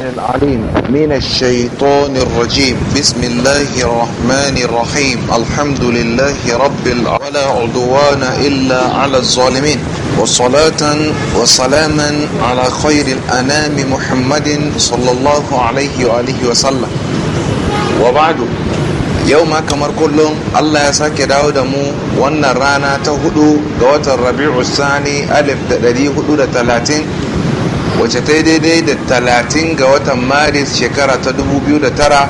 العليم من الشيطان الرجيم بسم الله الرحمن الرحيم الحمد لله رب ولا عدوان إلا على الظالمين وصلاة وسلاما على خير الأنام محمد صلى الله عليه وآله وسلم وبعد يوم كمر كلهم الله يساك داود مو dawo رانا تهدو دوات الربيع الثاني ألف دادي هدو wacce ta yi daidai da talatin ga watan maris shekara ta da tara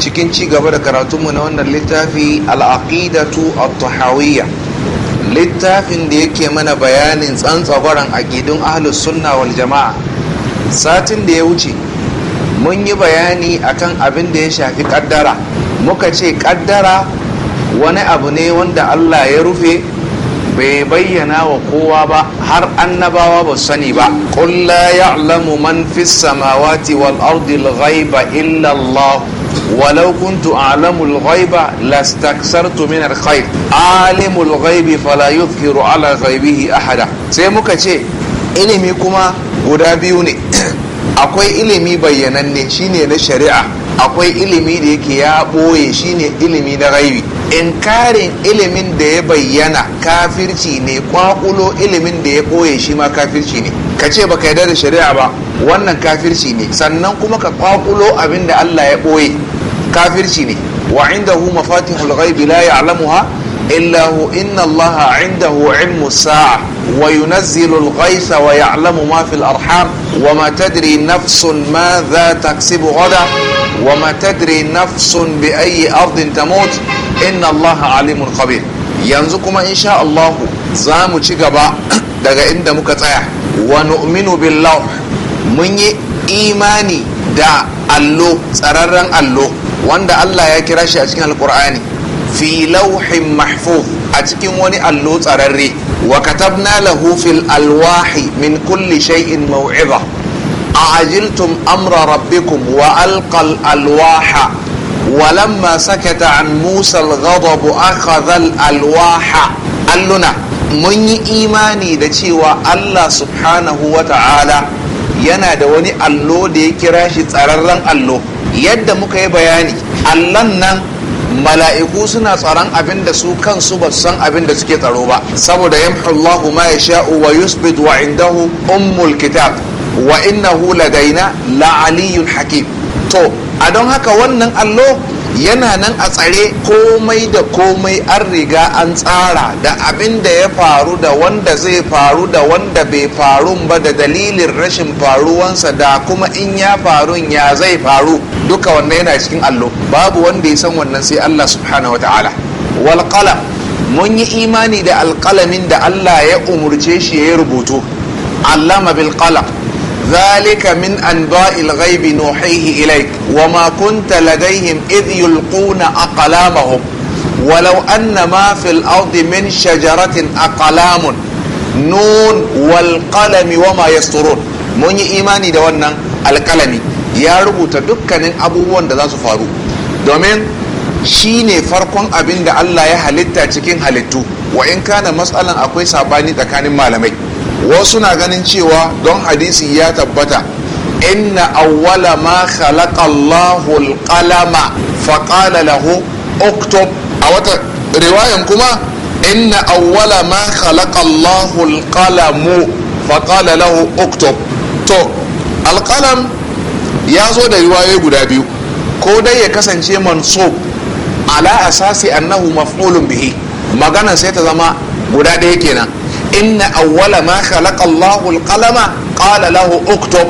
cikin ci gaba da karatunmu na wannan littafi al'aqidatu a tahawiyya littafin da yake mana bayanin tsantsagwaron aƙidun ahlus sunna wal jama'a satin da ya wuce mun yi bayani akan abin da ya shafi kaddara muka ce kaddara wani abu ne wanda allah ya rufe bai bayyana wa kowa ba har annabawa ba sani ba qul la ya'lamu man fis samawati wal ardi al ghaiba illa Allah walau kuntu a'lamu al ghaiba lastakthartu min al khair alimu al ghaibi fala yudhhiru ala ghaibihi ahada sai muka ce ilimi kuma guda biyu ne akwai ilimi bayyananne shine na shari'a akwai ilimi da yake ya ɓoye shine ilimi na gaibi inkarin ilimin da ya bayyana kafirci ne kwakulo ilimin da ya ɓoye shi ma kafirci ne ka ce ba ka yarda da shari'a ba wannan kafirci ne sannan kuma ka kwakulo abin da Allah ya ɓoye kafirci ne wa inda hu indahu mafatihul ghaibi la ya'lamuha إلا هو إن الله عنده علم الساعة وينزل الغيث ويعلم ما في الأرحام وما تدري نفس ماذا wa ma tadri nafsun bi بأي ardin tamut inna الله alimul khabir yanzu kuma insha Allahu za mu ci gaba daga inda muka tsaya wa nu'minu billah mun yi imani da allo tsararren allo wanda Allah ya kira shi a cikin alkur'ani fi lauhin mahfuz a cikin wani allo tsararre wa katabna lahu fil alwahi min kulli shay'in maw'iza ajiltum amra rabbikum wa alqal alwaha walamma sakata an musa al-ghadab alwaha alluna mun yi imani da cewa Allah subhanahu wa ta'ala yana da wani allo da ya kira shi tsararren allo yadda muka yi bayani allon nan mala'iku suna tsaron abin da su kansu ba san abin da suke tsaro ba saboda yamhullahu ma yasha'u wa yusbit wa indahu ummul kitab wa'innahu, la'gaina ladaina la aliyyun hakim to a don haka wannan allo yana nan a tsare komai da komai an riga an tsara da abin da ya faru da wanda zai faru da wanda bai faru ba da dalilin rashin faruwansa da kuma in ya faru ya zai faru duka wannan yana cikin allo babu wanda ya san wannan sai Allah subhanahu wa ta'ala wal mun yi imani da alƙalamin da Allah ya umurce shi ya rubutu allama bil qalam zalika min anba'il ghaibi nuhihi ilaik wa ma kunta ladaihim id yulquna aqlamahum walau anna ma fil ardi min shajaratin aqlam nun wal qalam wa ma mun yi imani da wannan alqalami ya rubuta dukkanin abubuwan da zasu faru domin shine farkon abin da Allah ya halitta cikin halittu wa in kana masalan akwai sabani tsakanin malamai wasu na ganin cewa don hadisi ya tabbata inna awwala ma khalaqa Allahu al-qalama fa qala lahu uktub a wata riwayan kuma inna awala ma khalaqa Allahu al-qalamu fa qala lahu uktub to al ya zo da riwayoyi guda biyu ko dai ya kasance mansub ala asasi annahu maf'ulun bihi maganan sai ta zama guda ɗaya kenan inna awala ma khalaqa Allahu al-qalama qala lahu uktub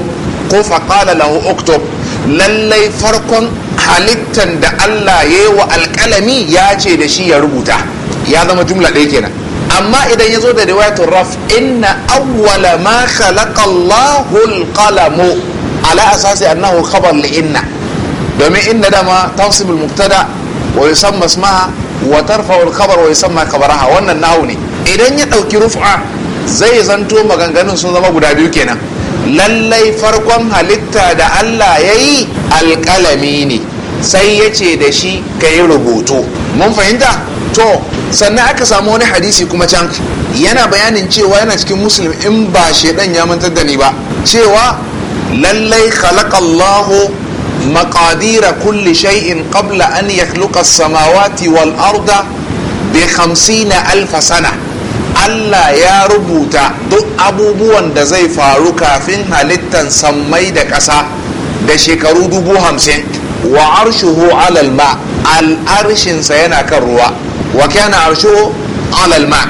ko faƙala lahu oktob lallai farkon halittan da allah ya yi wa alƙalami ya ce da shi ya rubuta ya zama jumla ɗaya kenan amma idan ya zo da riwayatun raf inna awwala ma khalaqa allahu alqalamu ala asasi annahu khabar li inna domin inna dama al mubtada wa yusamma ismaha wa tarfa al-khabar wa yusamma khabaraha wannan nahu ne idan ya dauki rufa zai zanto maganganun sun zama guda biyu kenan lallai farkon halitta da allah ya yi alƙalami ne sai ya ce da shi ka yi rubutu mun fahimta to sannan aka samu wani hadisi kuma can yana bayanin cewa yana cikin musulmi in ba shaidan ya mantar da ni ba cewa lallai khalaqallahu maƙadira kulli shay'in qabla an yakhluqa as-samawati wal arda bi alfasana allah ya rubuta duk abubuwan da zai faru kafin halittan sammai da ƙasa da shekaru dubu hamsin wa arshuhu alalma al'arshinsa yana kan ruwa wa kana arshuhu alalma.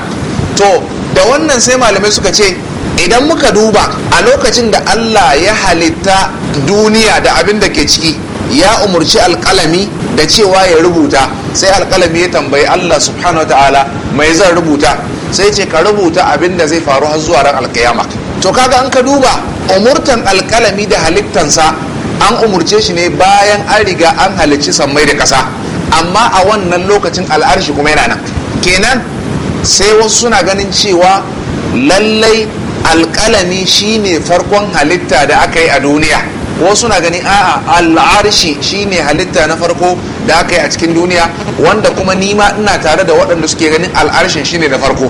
to da wannan sai malamai suka ce idan muka duba a lokacin da allah ya halitta duniya da abin da ke ciki ya umarci alkalami da cewa ya rubuta sai alkalami ya tambayi allah subhanahu wa ta'ala mai zan rubuta sai ce ka rubuta abin da zai faru har zuwa ran alkiyama to kaga an ka duba umurtan alkalami da halittansa an umurce shi ne bayan an riga an halicci sammai da ƙasa amma a wannan lokacin al'arshi kuma yana nan kenan sai wasu suna ganin cewa lallai alkalami shine farkon halitta da aka yi a duniya wasu na gani a'a al'arshi shine halitta na farko da aka yi a cikin duniya wanda kuma nima ina tare da waɗanda suke ganin al'arshin shine da farko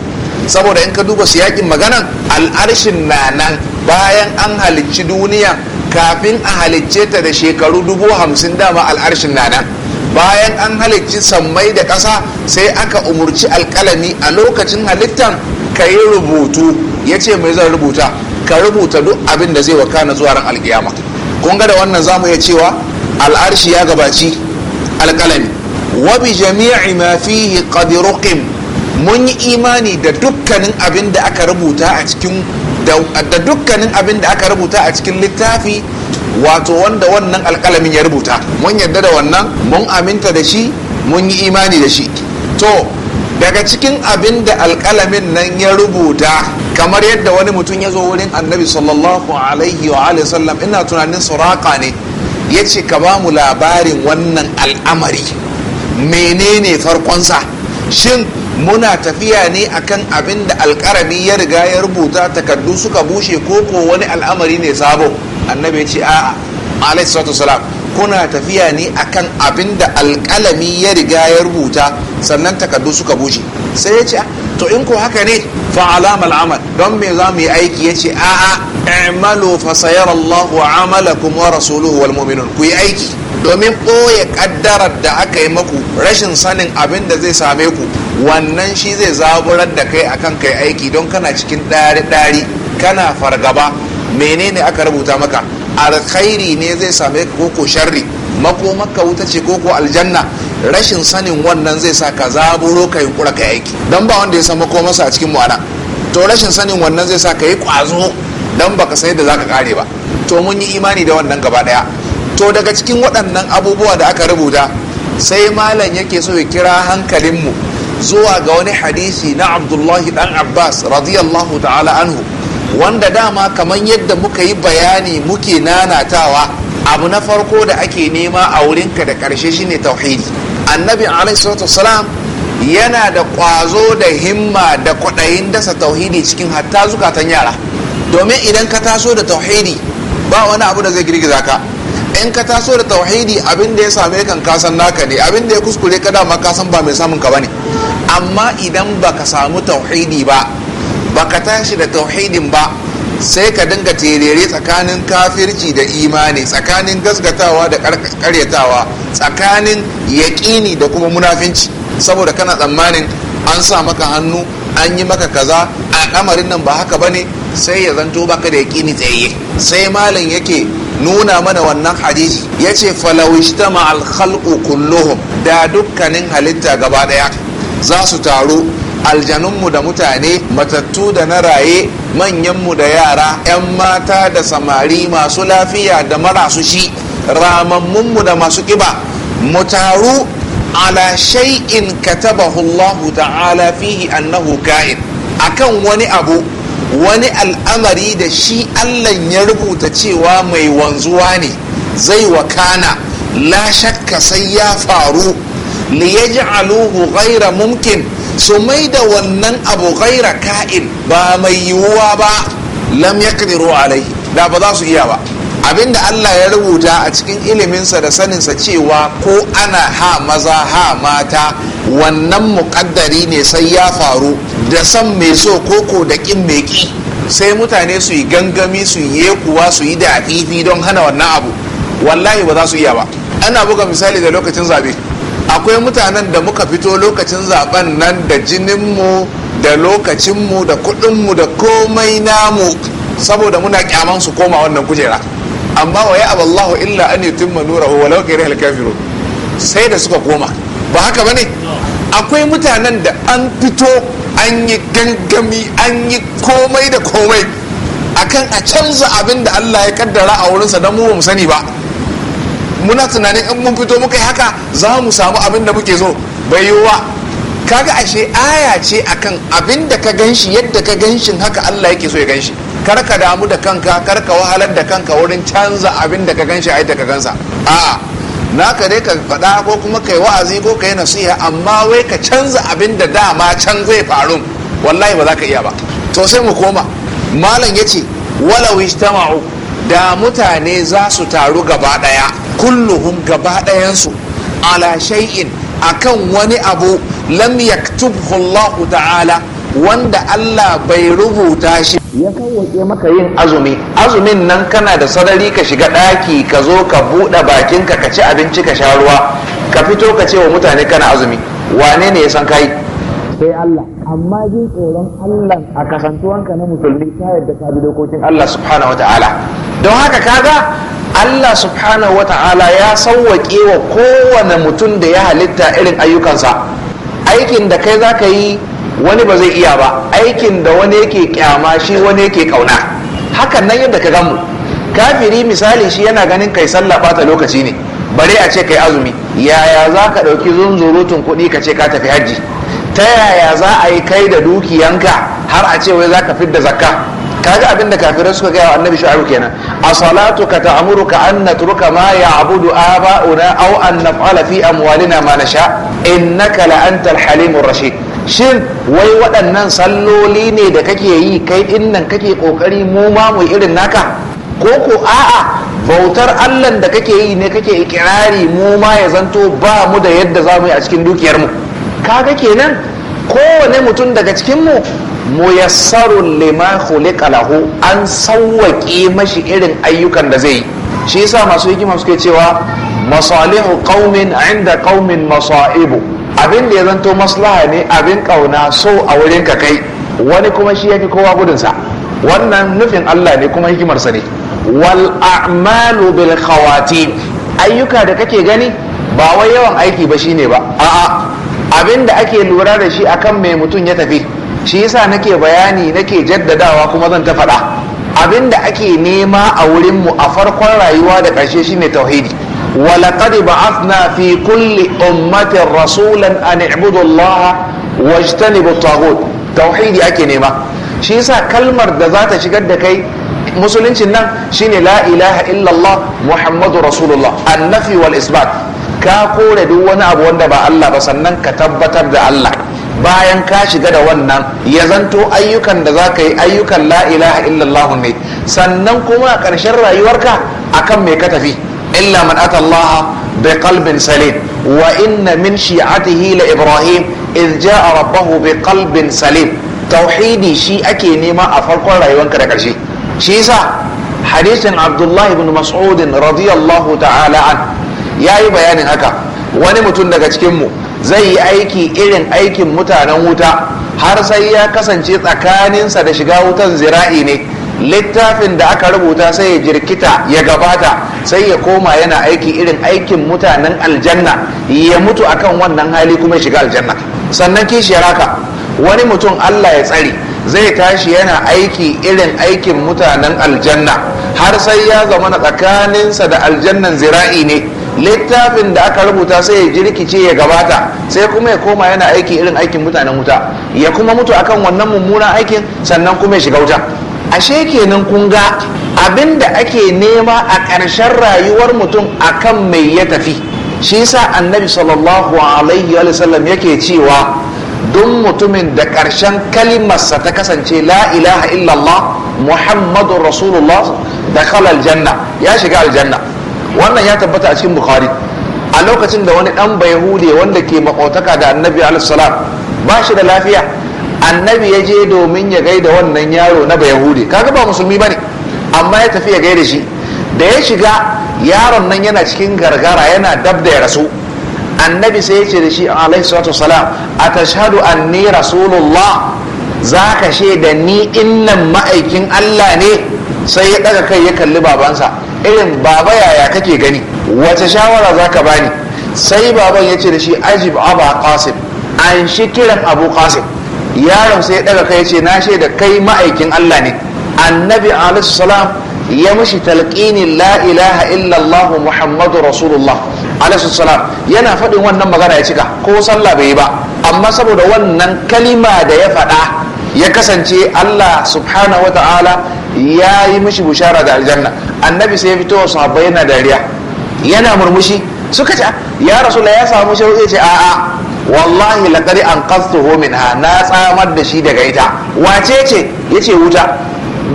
saboda in ka duba su yakin maganan al'arshin na nan bayan an halicci duniya kafin a halicce ta da shekaru dubu hamsin dama al'arshin na nan bayan an halicci sammai da ƙasa sai aka umurci alƙalami a lokacin halittan ka yi rubutu ya ce mai zan rubuta ka rubuta duk abin da zai wakana zuwa ran alkiyama kun ga da wannan za mu iya cewa al'arshi ya gabaci alƙalami wa bi jami'i ma fihi qad mun yi imani da dukkanin abin da aka rubuta a cikin da dukkanin abin da aka rubuta a cikin littafi wato wanda wannan alkalamin ya rubuta mun yadda da wannan mun aminta da shi mun yi imani da shi to daga cikin abin da alƙalamin nan ya rubuta kamar yadda wani mutum ya zo wurin annabi sallallahu alaihi wa sallam ina tunanin suraka ne ya ce ka ba mu labarin wannan al'amari menene farkonsa shin muna tafiya ne akan abin da alƙarami ya riga ya rubuta takardu suka bushe ko ko wani al'amari ne sabo annabi ya ce a'a alaihi salatu kuna tafiya ne akan abin da alkalami ya riga ya rubuta sannan takardu suka bushe sai ya ce to in ko haka ne fa alamal amal don me za mu yi aiki ya ce a'a i'malu fa sayara Allahu amalakum wa rasuluhu wal mu'minun ku yi aiki domin ɓoye ƙaddarar da aka yi maku rashin sanin abin da zai same ku wannan shi zai zaburar da kai akan kai aiki don kana cikin ɗari-ɗari kana fargaba menene aka rubuta maka alkhairi ne zai same koko sharri makomaka wuta ce koko aljanna rashin sanin wannan zai sa ka zaburo ka yunkura ka aiki don ba wanda ya san masa a cikin mu'ana to rashin sanin wannan zai sa ka yi kwazo don baka san yadda zaka kare ba to mun yi imani da wannan gaba daya to daga cikin waɗannan abubuwa da aka rubuta sai malam yake so ya kira hankalinmu zuwa ga wani hadisi na abdullahi dan abbas radiyallahu ta'ala anhu wanda dama kamar yadda muka yi bayani muke nanatawa abu na farko da ake nema a wurinka da karshe shine tauhidi annabi salam yana da ƙwazo da himma da kwaɗayin dasa tauhidi cikin hatta zukatan yara domin idan ka taso da tauhidi ba wani abu da zai girgiza ka in ka taso da tauhidi abin da ya same kan kasan naka ne abin da ya kuskure ka dama kasan ba mai samun ka bane amma idan baka samu tauhidi ba ba ka tashi da tauhidin ba sai ka dinga terere tsakanin kafirci da imani tsakanin gasgatawa da karyatawa tsakanin yaƙini da kuma munafinci saboda kana tsammanin an sa maka hannu an yi maka kaza A ɗamarin nan ba haka bane sai ya zanto baka da yaƙini tsaye sai malam yake nuna mana wannan hadisi ya ce falawishta ma'al khalqu kulluhum da dukkanin halitta gaba ɗaya za su taru aljanunmu da mutane matattu da na raye manyanmu da yara 'yan mata da samari masu lafiya da marasu shi ramammunmu da masu kiba mu taru ala shay'in katabahu Allah ta'ala fihi annahu ka'in akan wani abu wani al'amari da shi Allah ya rubuta cewa mai wanzuwa ne zai wakana la shakka sai ya faru liyaj'aluhu ghaira mumkin su mai da wannan abu ghaira ka'in ba mai yiwuwa ba lam ya alai da ba za su iya ba abinda Allah ya rubuta a cikin iliminsa da saninsa cewa ko ana ha maza ha mata wannan muƙaddari ne sai ya faru da san mai so koko da ƙin mai ƙi sai mutane su yi gangami su yi yekuwa su yi da don hana wannan abu wallahi ba za su iya ba ana buga misali da lokacin zabe akwai mutanen da muka fito lokacin zaben nan da jininmu da lokacinmu da kudinmu da komai namu saboda muna kyaman su koma wannan kujera amma wa ya aballahu illa an yutimma nurahu walau karihal kafirun sai da suka koma ba haka ne? akwai mutanen da an fito an yi gangami an yi komai da komai akan a canza abin da Allah ya kaddara a wurinsa don mu ba mu sani ba muna tunanin in mun fito muka yi haka za mu samu abin da muke zo bai yiwuwa kaga ashe aya ce akan abin da ka ganshi yadda ka ganshin haka Allah yake so ya ganshi kar ka damu da kanka kar ka wahalar da kanka wurin canza abin da ka ganshi a yadda ka gansa a'a na dai ka faɗa ko kuma kai wa'azi ko kai nasiha amma wai ka canza abin da dama can zai faru wallahi ba za ka iya ba to sai mu koma malam yace walau ijtama'u da mutane za su taru gaba ɗaya. kulluhum gaba ɗayansu ala shay'in akan wani abu lam yaktubhu Allah ta'ala wanda Allah bai rubuta shi ya kawace maka yin azumi azumin nan kana da sarari ka shiga ɗaki ka zo ka buɗe bakinka ka ci abinci ka sha ruwa ka fito ka ce wa mutane kana azumi wane ne ya san kai sai Allah amma jin tsoron Allah a kasantuwanka na musulmi ta yadda ka bi dokokin Allah subhanahu wataala don haka kaga Allah subhanahu wa ta'ala ya sauwaƙe wa kowane mutum da ya halitta irin ayyukansa aikin da kai za ka yi wani ba zai iya ba aikin da wani yake kyama shi wani yake kauna hakan nan yadda ka gamu kafiri misali shi yana ganin kai sallah bata lokaci ne bare a ce kai azumi yaya za ka ɗauki zunzurutun kuɗi ka ce ka tafi hajji ta yaya za a yi kai da dukiyanka har a ce wai za ka fidda zakka kaga abinda kafirai suka gaya wa annabi shu'aibu kenan a salatu salatuka ta'muruka an natruka ma ya'budu aba'una aw an naf'ala fi amwalina ma nasha innaka la antal halimur rashid shin wai waɗannan salloli ne da kake yi kai nan kake kokari mu ma mu irin naka ko ko a'a bautar allan da kake yi ne kake ikirari mu ma ya zanto ba mu da yadda za mu yi a cikin dukiyar mu kaga kenan kowane mutum daga cikin mu muyassarun lima khuliqa lahu an sauwaƙe mashi irin ayyukan da zai yi shi yasa masu hikima suke cewa masalihu qaumin inda qaumin masaibu abin da ya zanto maslaha ne abin kauna so a wurin ka kai wani kuma shi yake kowa gudunsa wannan nufin Allah ne kuma hikimarsa ne wal a'malu bil khawatim ayyuka da kake gani ba wai yawan aiki ba shine ba a'a abin da ake lura da shi akan mai mutum ya tafi shi yasa nake bayani nake jaddadawa kuma zan ta faɗa abinda ake nema a wurinmu a farkon rayuwa da ƙarshe shine tauhidi ولقد بعثنا في كل أمة رسولا أن اعبدوا الله واجتنبوا الطاغوت توحيدي أكي نيما شي يسا كلمر دا ذات شقد كي مسلمين نان شين لا إله إلا الله محمد رسول الله النفي والإثبات كاقول دون أبو وندبا الله بس أنك تبتر دا الله bayan ka shiga da wannan ya zanto ayyukan da za ka yi ayyukan la ilaha illallah ne sannan kuma a ƙarshen rayuwarka akan me ka tafi illa man ata Allah bi qalbin salim wa inna min shi'atihi la ibrahim idh ja'a rabbahu bi qalbin salim tauhidi shi ake nema a farkon rayuwarka da ƙarshe shi yasa hadisin abdullahi ibn mas'ud radiyallahu ta'ala an yayi bayanin haka wani mutum daga cikin mu zai yi aiki irin aikin mutanen wuta har sai ya kasance tsakaninsa da shiga wutan zira'i ne littafin da aka rubuta sai ya jirkita ya gabata sai ya koma yana aiki irin aikin mutanen aljanna ya mutu akan wannan hali kuma shiga aljanna sannan kishiyar wani mutum allah ya tsari, zai tashi yana aiki irin aikin mutanen aljanna har sai ya zama na tsakaninsa da aljannan zira'i ne littafin da aka rubuta sai ya jirkice ya gabata sai kuma ya koma yana aiki irin aikin mutanen wuta ya kuma mutu akan wannan mummunan aikin sannan kuma ya shiga wuta ashe kenan kun ga abin da ake nema a ƙarshen rayuwar mutum akan mai ya tafi shi sa annabi sallallahu alaihi wa sallam yake cewa duk mutumin da ƙarshen kalimarsa ta kasance la ilaha illallah muhammadun rasulullah da janna ya shiga aljanna wannan ya tabbata a cikin bukhari a lokacin da wani dan bayahude wanda ke makotaka da annabi alaihissalam ba shi da lafiya annabi ya je domin ya gaida wannan yaro na bayahude kaga ba musulmi bane amma ya tafi ya gaida shi da ya shiga yaron nan yana cikin gargara yana dab da ya rasu annabi sai ya ce da shi alaihi salatu wasalam atashhadu anni rasulullah zaka shaida ni innan ma'aikin Allah ne sai ya ɗaga kai ya kalli babansa irin baba yaya kake gani wace shawara za ka bani sai baban ya ce da shi ajib aba qasim an shi kiran abu qasim yaron sai ya ɗaga kai ya ce na shaida kai ma'aikin allah ne annabi alaihi salam ya mishi talqini la ilaha illallah muhammadu rasulullah alaihi salam yana faɗin wannan magana ya cika ko sallah bai yi ba amma saboda wannan kalima da ya faɗa ya kasance Allah subhanahu wa ta'ala ya yi mishi bushara da aljanna annabi sai ya fito wa sahabbai yana dariya yana murmushi suka ce ah, ya rasula ya samu Ya ce a'a wallahi laqad anqadtuhu minha na tsamar da shi daga ita wace ce yace wuta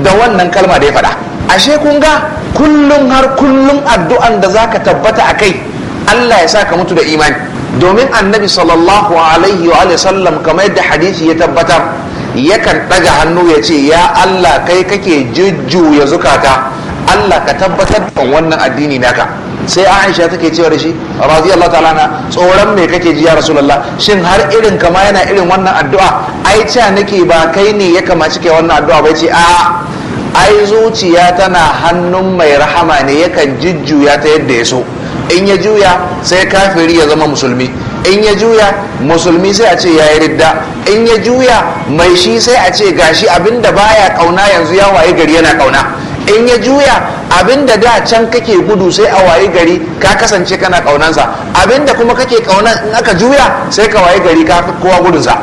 da wannan kalma da ya faɗa ashe kun ga kullum har kullum addu'an da zaka tabbata a kai. Allah ya sa ka mutu da imani domin annabi sallallahu alaihi wa sallam kamar yadda hadisi ya tabbatar yakan ɗaga hannu ya ce ya Allah kai kake jujjuya zukata Allah ka tabbatar da wannan addini naka sai Aisha take cewa da shi radiyallahu ta'ala na tsoron me kake ji ya Rasulullah shin har irin kama yana irin wannan addu'a ai ca nake ba kai ne ya kama cike wannan addu'a bai ce a ai zuciya tana hannun mai rahama ne yakan jujjuya ta yadda ya so in ya juya sai kafiri ya zama musulmi in ya juya musulmi sai a ce ya yi ridda in ya juya mai shi sai a ce gashi abinda baya kauna yanzu ya waye gari yana kauna in ya juya abinda da can kake gudu sai a waye gari ka kasance kana kaunansa abinda kuma kake kauna in aka juya sai ka waye gari ka kowa gudunsa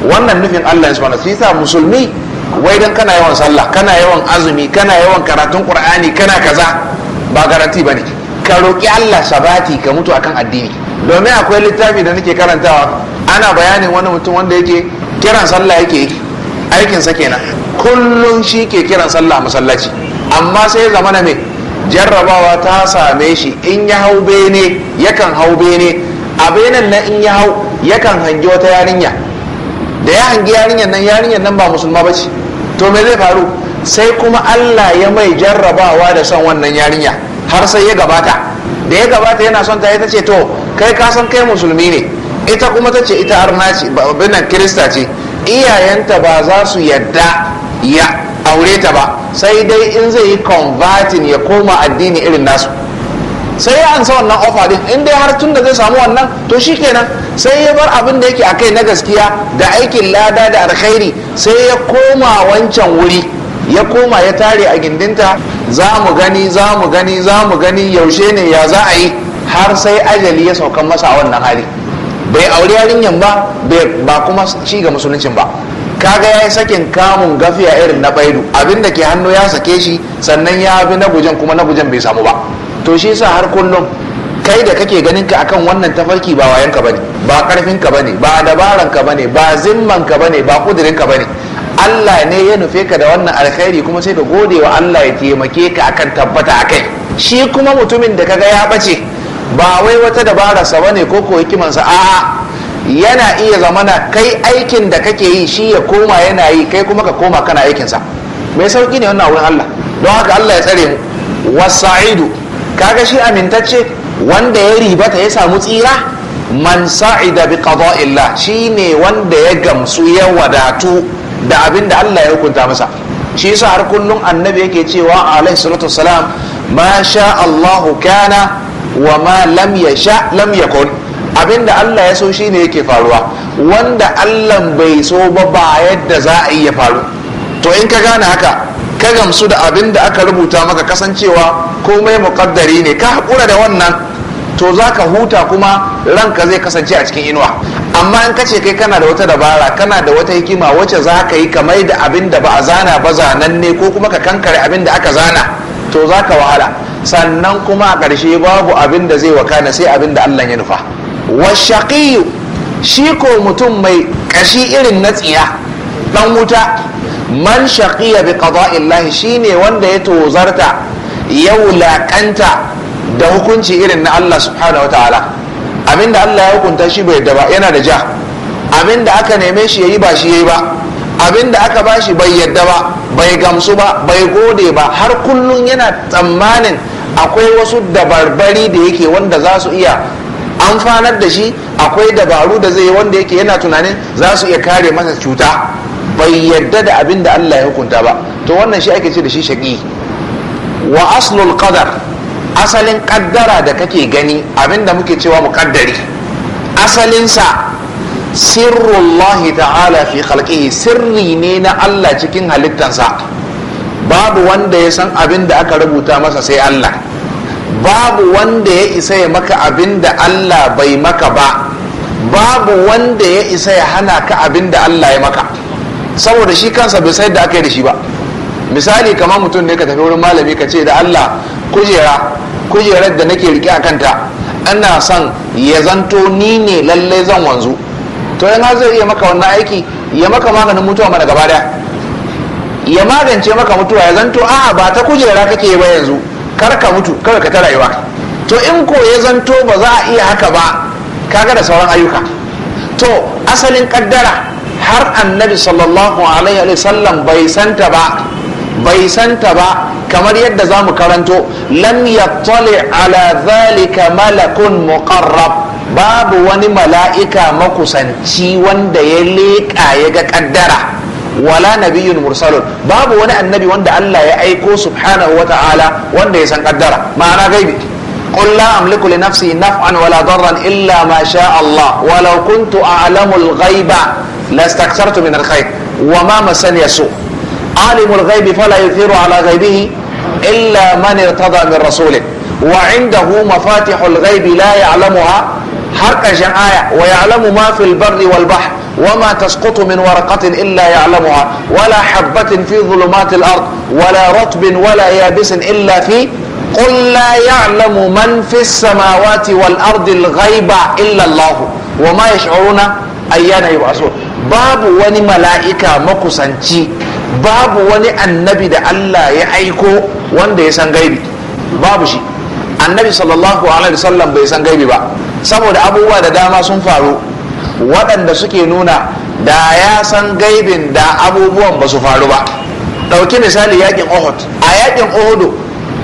wannan nufin Allah ya musulmi wai dan kana yawan sallah kana yawan azumi kana yawan karatun qur'ani kana kaza ba garanti bane ka roki Allah sabati ka mutu akan addini domin akwai littafi da nake karantawa ana bayanin wani mutum wanda yake kiran sallah yake aikinsa kenan kullum shi ke kiran sallah masallaci amma sai zama na mai jarrabawa ta same shi in ya hau bene yakan hau bene a benen nan in ya hau yakan hangi wata yarinya da ya hangi yarinyar nan yarinya nan ba musulma ba ce to me zai faru sai kuma allah ya mai jarrabawa da son wannan yarinya har sai ya gabata da ya gabata yana son ta ita ce to kai kasan kai musulmi ne ita kuma ta ce ita arna ce nan kirista ce iyayenta ba za su yadda ya aure ta ba sai dai in zai yi convertin ya koma addini irin nasu sai ya ansa wannan ofa din in dai har tun da zai samu wannan to shi kenan sai ya bar abin da yake akai na gaskiya da aikin lada da alkhairi sai ya koma wancan wuri ya koma ya tare a gindinta za mu gani za mu gani za mu gani yaushe ne ya za a yi har sai ajali ya saukan masa a wannan hali bai aure yarinyan ba ba kuma ci ga musuluncin ba kaga ya yi sakin kamun gafiya irin na baidu abinda ke hannu ya sake shi sannan ya bi na gujen kuma na gujen bai samu ba to shi sa har kullum kai da kake ganin ka akan wannan tafarki ba wayan ka bane ba karfin ka bane ba dabaran ka bane ba zimman ka bane ba kudirin ka bane Allah ne ya nufe ka da wannan alkhairi kuma sai ka gode wa Allah ya taimake ka akan tabbata akai shi kuma mutumin da kaga ya bace ba wai wata dabara ba ne ko ko hikimansa a'a yana iya zamana kai aikin da kake yi shi ya koma yana yi kai kuma ka koma kana aikinsa mai sauki ne wannan wurin Allah don haka Allah ya tsare mu wasa'idu kaga shi amintacce wanda ya ribata ya samu tsira man sa'ida bi qada'illah shine wanda ya gamsu ya wadatu da abin da Allah ya hukunta masa shi yasa har kullum annabi yake cewa alaihi salatu wassalam ma sha Allahu kana wa ma lam sha lam kun abinda Allah ya so shi ne yake faruwa wanda Allah bai so ba ba yadda za a iya faru to in ka gane haka ka gamsu da abin da aka rubuta maka kasancewa komai muqaddari ne ka hakura da wannan to za ka huta kuma ranka zai kasance a cikin inuwa amma in ka ce kai kana da wata dabara kana da wata hikima wacce za ka yi kamar da abin da ba a zana ba zanen ne ko kuma ka kankare abin da aka zana to za ka wahala sannan kuma a ƙarshe babu abin da zai wakana sai abin da allah ya nufa washaƙiyu shi ko mutum mai ƙashi irin na tsiya ɗan wuta man ya bi shi ne wanda ya tozarta ya wulaƙanta da hukunci irin na allah subhanahu wataala da allah ya hukunta shi bai yadda ba yana da ja da aka neme shi yayi ba shi yayi ba abin da aka bashi bai yadda ba bai gamsu ba bai gode ba har kullum yana tsammanin akwai wasu dabarbari da yake wanda za su iya amfanar da shi akwai dabaru da zai wanda yake yana tunanin za su iya kare masa cuta bai yadda da abin da Allah ya hukunta ba to wannan shi ake ce da shi shaƙi wa aslul qadar asalin kaddara da kake gani abin da muke cewa muƙaddari asalinsa sirrullahi ta'ala fi khalqihi sirri ne na Allah cikin halittansa babu wanda ya san abin da aka rubuta masa sai Allah babu wanda ya isa ya maka abin da Allah bai maka ba babu wanda ya isa ya hana ka abin da Allah ya maka saboda shi kansa bai sai da aka yi da shi ba misali kamar mutum ne ka tafi wurin malami ka ce da Allah kujera kujerar da nake rike a kanta ana son ya zanto ni ne lallai zan wanzu to yana zai iya maka wannan aiki ya maka maganin mutuwa mana gaba daya ya magance maka mutuwa ya zanto a'a ba ta kujera kake ba yanzu kar ka mutu kawai ka ta rayuwa to in ko ya zanto ba za a iya haka ba kaga da sauran ayyuka to asalin kaddara har annabi sallallahu alaihi wa sallam bai santa ba bai santa ba kamar yadda za mu karanto lam yattali ala zalika malakun muqarrab babu wani mala'ika makusanci wanda ya leƙa ya ga kaddara wala nabiyyun mursalun babu wani annabi wanda Allah ya aiko subhanahu wa ta'ala wanda ya san kaddara ma'ana gaibi قل لا أملك لنفسي نفعا ولا ضرا إلا ما شاء الله ولو كنت أعلم الغيب لاستكثرت من الخير وما مسني سوء عالم الغيب فلا يثير على غيبه إلا من ارتضى من رسوله وعنده مفاتح الغيب لا يعلمها har ƙarshen aya wa ya'lamu ma fil barri wal bahr وما تسقط من ورقة إلا يعلمها ولا حبة في ظلمات الأرض ولا رطب ولا يابس إلا في قل لا يعلم من في السماوات والأرض الغيب إلا الله وما يشعرون أيان يبعثون باب وني ملائكة مكسنتي باب وني النبي ده الله يأيكو وان ده يسان غيبي باب شي النبي صلى الله عليه وسلم ده يسان غيبي بقى saboda abubuwa da dama sun faru waɗanda suke nuna da ya san gaibin da abubuwan ba su faru ba ɗauki misali yakin ohud a yakin ohudu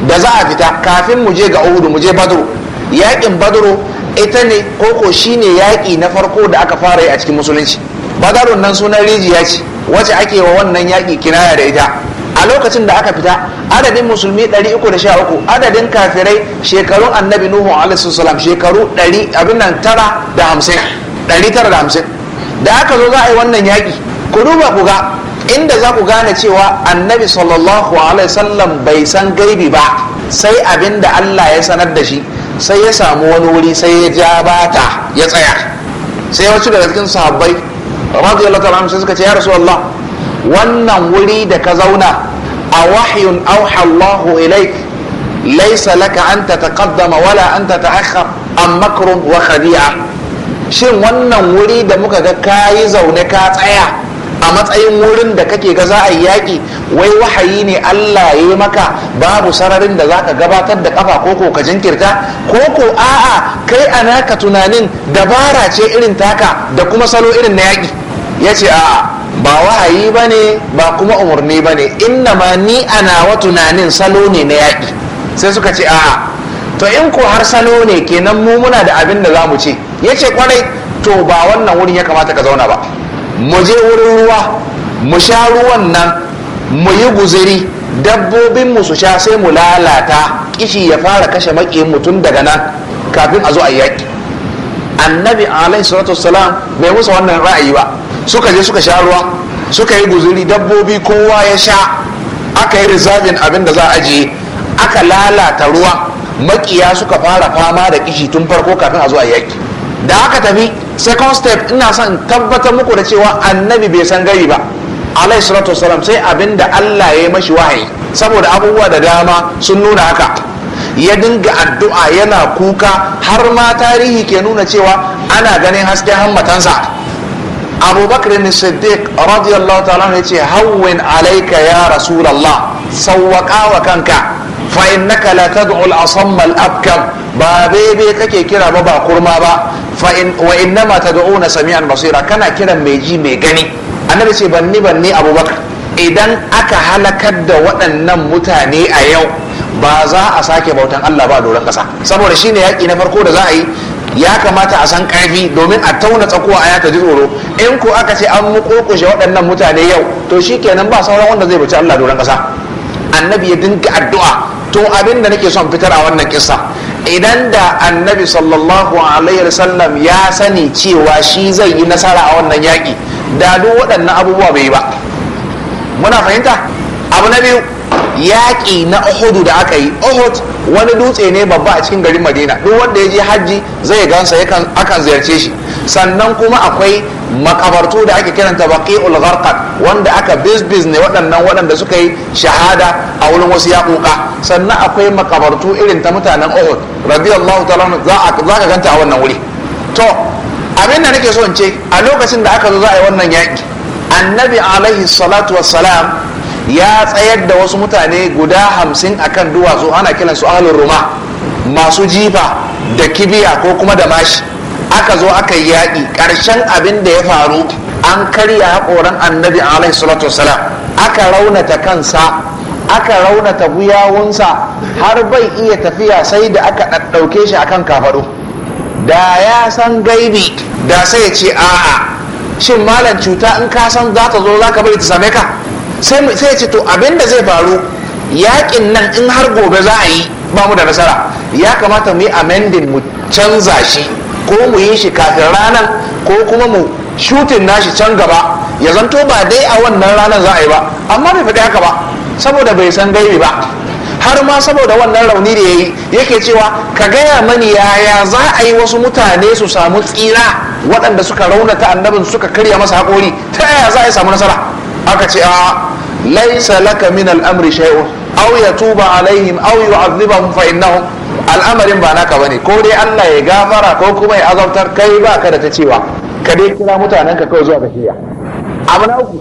da za a fita kafin mu je ga ohudu mu je badru yakin badru ita ne koko shine yaƙi na farko da aka fara yi a cikin musulunci badarun nan sunan rijiya ce wacce ake wa wannan yaƙi kinaya da ita a lokacin da aka fita adadin musulmi 313 adadin kafirai shekarun annabi nuhu alaihi salam shekaru 100 abin nan 950 950 da aka zo za a yi wannan yaƙi ku duba ku ga inda za ku gane cewa annabi sallallahu alaihi sallam bai san gaibi ba sai abin da Allah ya sanar da shi sai ya samu wani wuri sai ya ja bata ya tsaya sai wasu daga cikin sahabbai radiyallahu ta'ala sai suka ce ya rasulullah wannan wuri da ka zauna a wahyun auha Allah ilaik laisa laka an tataqaddama wala an tata'akhkhar am makrun wa khadi'a shin wannan wuri da muka ga kayi zaune ka tsaya a matsayin wurin da kake ga za a yi yaƙi wai wahayi ne Allah ya maka babu sararin da za ka gabatar da kafa koko ka jinkirta ko a'a kai a naka tunanin dabara ce irin taka da kuma salo irin na yaƙi ya ce a'a ba wahayi ba ne ba kuma umarni ba ne inna ma ni ana wa tunanin salo ne na yaƙi sai suka ce a'a to in ko har salo ne kenan mu muna da abin da za mu ce ya ce kwarai to ba wannan wurin ya kamata ka zauna ba mu je wurin ruwa mu sha ruwan nan mu yi guziri dabbobinmu su sha sai mu lalata kishi ya fara kashe maƙiyin mutum daga nan kafin a zo a yaƙi annabi alaihi salatu bai musu wannan ra'ayi ba suka je suka sha ruwa suka yi guzuri dabbobi kowa ya sha aka yi rizabin abin da za a ajiye aka lalata ruwa makiya suka fara fama da kishi tun farko kafin a zuwa yaki da aka tafi second step ina son tabbatar muku da cewa annabi bai san gari ba alaihi salatu wasalam sai abin da Allah ya yi mashi wahayi saboda abubuwa da dama sun nuna haka ya dinga addu'a yana kuka har ma tarihi ke nuna cewa ana ganin hasken hammatansa abubakar ne siddiq radiyallahu ta'ala ya ce hawwin alaika ya rasulallah sawwaka wa kanka fa innaka la tad'u al-asamma al-abkam ba bebe kake kira ba ba kurma ba fa in wa innama tad'una sami'an basira kana kiran mai ji mai gani annabi ce banni banni abubakar idan aka halakar da waɗannan mutane a yau ba za a sake bautan Allah ba doron ƙasa saboda shine yaƙi na farko da za a yi ya kamata a san karfi domin a tauna tsakuwa a yaka ji tsoro in ko aka ce an mukokushe waɗannan mutane yau to shi kenan ba sauran wanda zai bace Allah doron ƙasa annabi ya dinga addu'a to abin da nake son fitar a wannan kissa idan da annabi sallallahu alaihi wasallam ya sani cewa shi zai yi nasara a wannan yaƙi da duk waɗannan abubuwa bai yi ba muna fahimta abu na biyu yaƙi na uhudu da aka yi uhud wani dutse ne babba a cikin garin madina duk wanda ya je hajji zai gansa akan ziyarce shi sannan kuma akwai makabartu da ake kiranta baqi'ul gharqad wanda aka bizbiz ne waɗannan waɗanda suka yi shahada a wurin wasu yaƙuƙa sannan akwai makabartu irin ta mutanen uhud radiyallahu ta'ala za ka ganta a wannan wuri to abin da nake so in ce a lokacin da aka zo za a yi wannan yaƙi annabi alaihi salatu wassalam ya tsayar da wasu mutane guda hamsin akan duwatsu ana kiransu ahlul ruma masu jifa da kibiya ko kuma da mashi aka zo aka yaƙi ƙarshen abin da ya faru an karya haƙoran annabi alaihi salatu wasalam aka raunata kansa aka raunata guyawunsa har bai iya tafiya sai da aka ɗaɗɗauke shi akan kafaɗo. da ya san gaibi da sai ya ce a'a shin malam cuta in ka san za ta zo za ka bari ta same ka sai ce to abin da zai faru yakin nan in har gobe za a yi ba mu da nasara ya kamata mu yi amendin mu canza shi ko mu yi shi kafin ranar ko kuma mu shutin nashi can gaba ya zanto ba dai a wannan ranar za a yi ba amma bai faɗi haka ba saboda bai san gaibi ba har ma saboda wannan rauni da ya yi yake cewa ka gaya mani yaya za a yi wasu mutane su samu tsira waɗanda suka raunata annabin suka karya masa haƙori ta yaya za a yi samu nasara aka ce a laisa laka min al'amri shay'un aw yatuba alaihim aw yu'adhibahum fa innahum al'amarin ba naka bane ko dai Allah ya gafara ko kuma ya azabtar kai ba ka da ta cewa ka dai kira mutanenka kawai zuwa ga shirya abu uku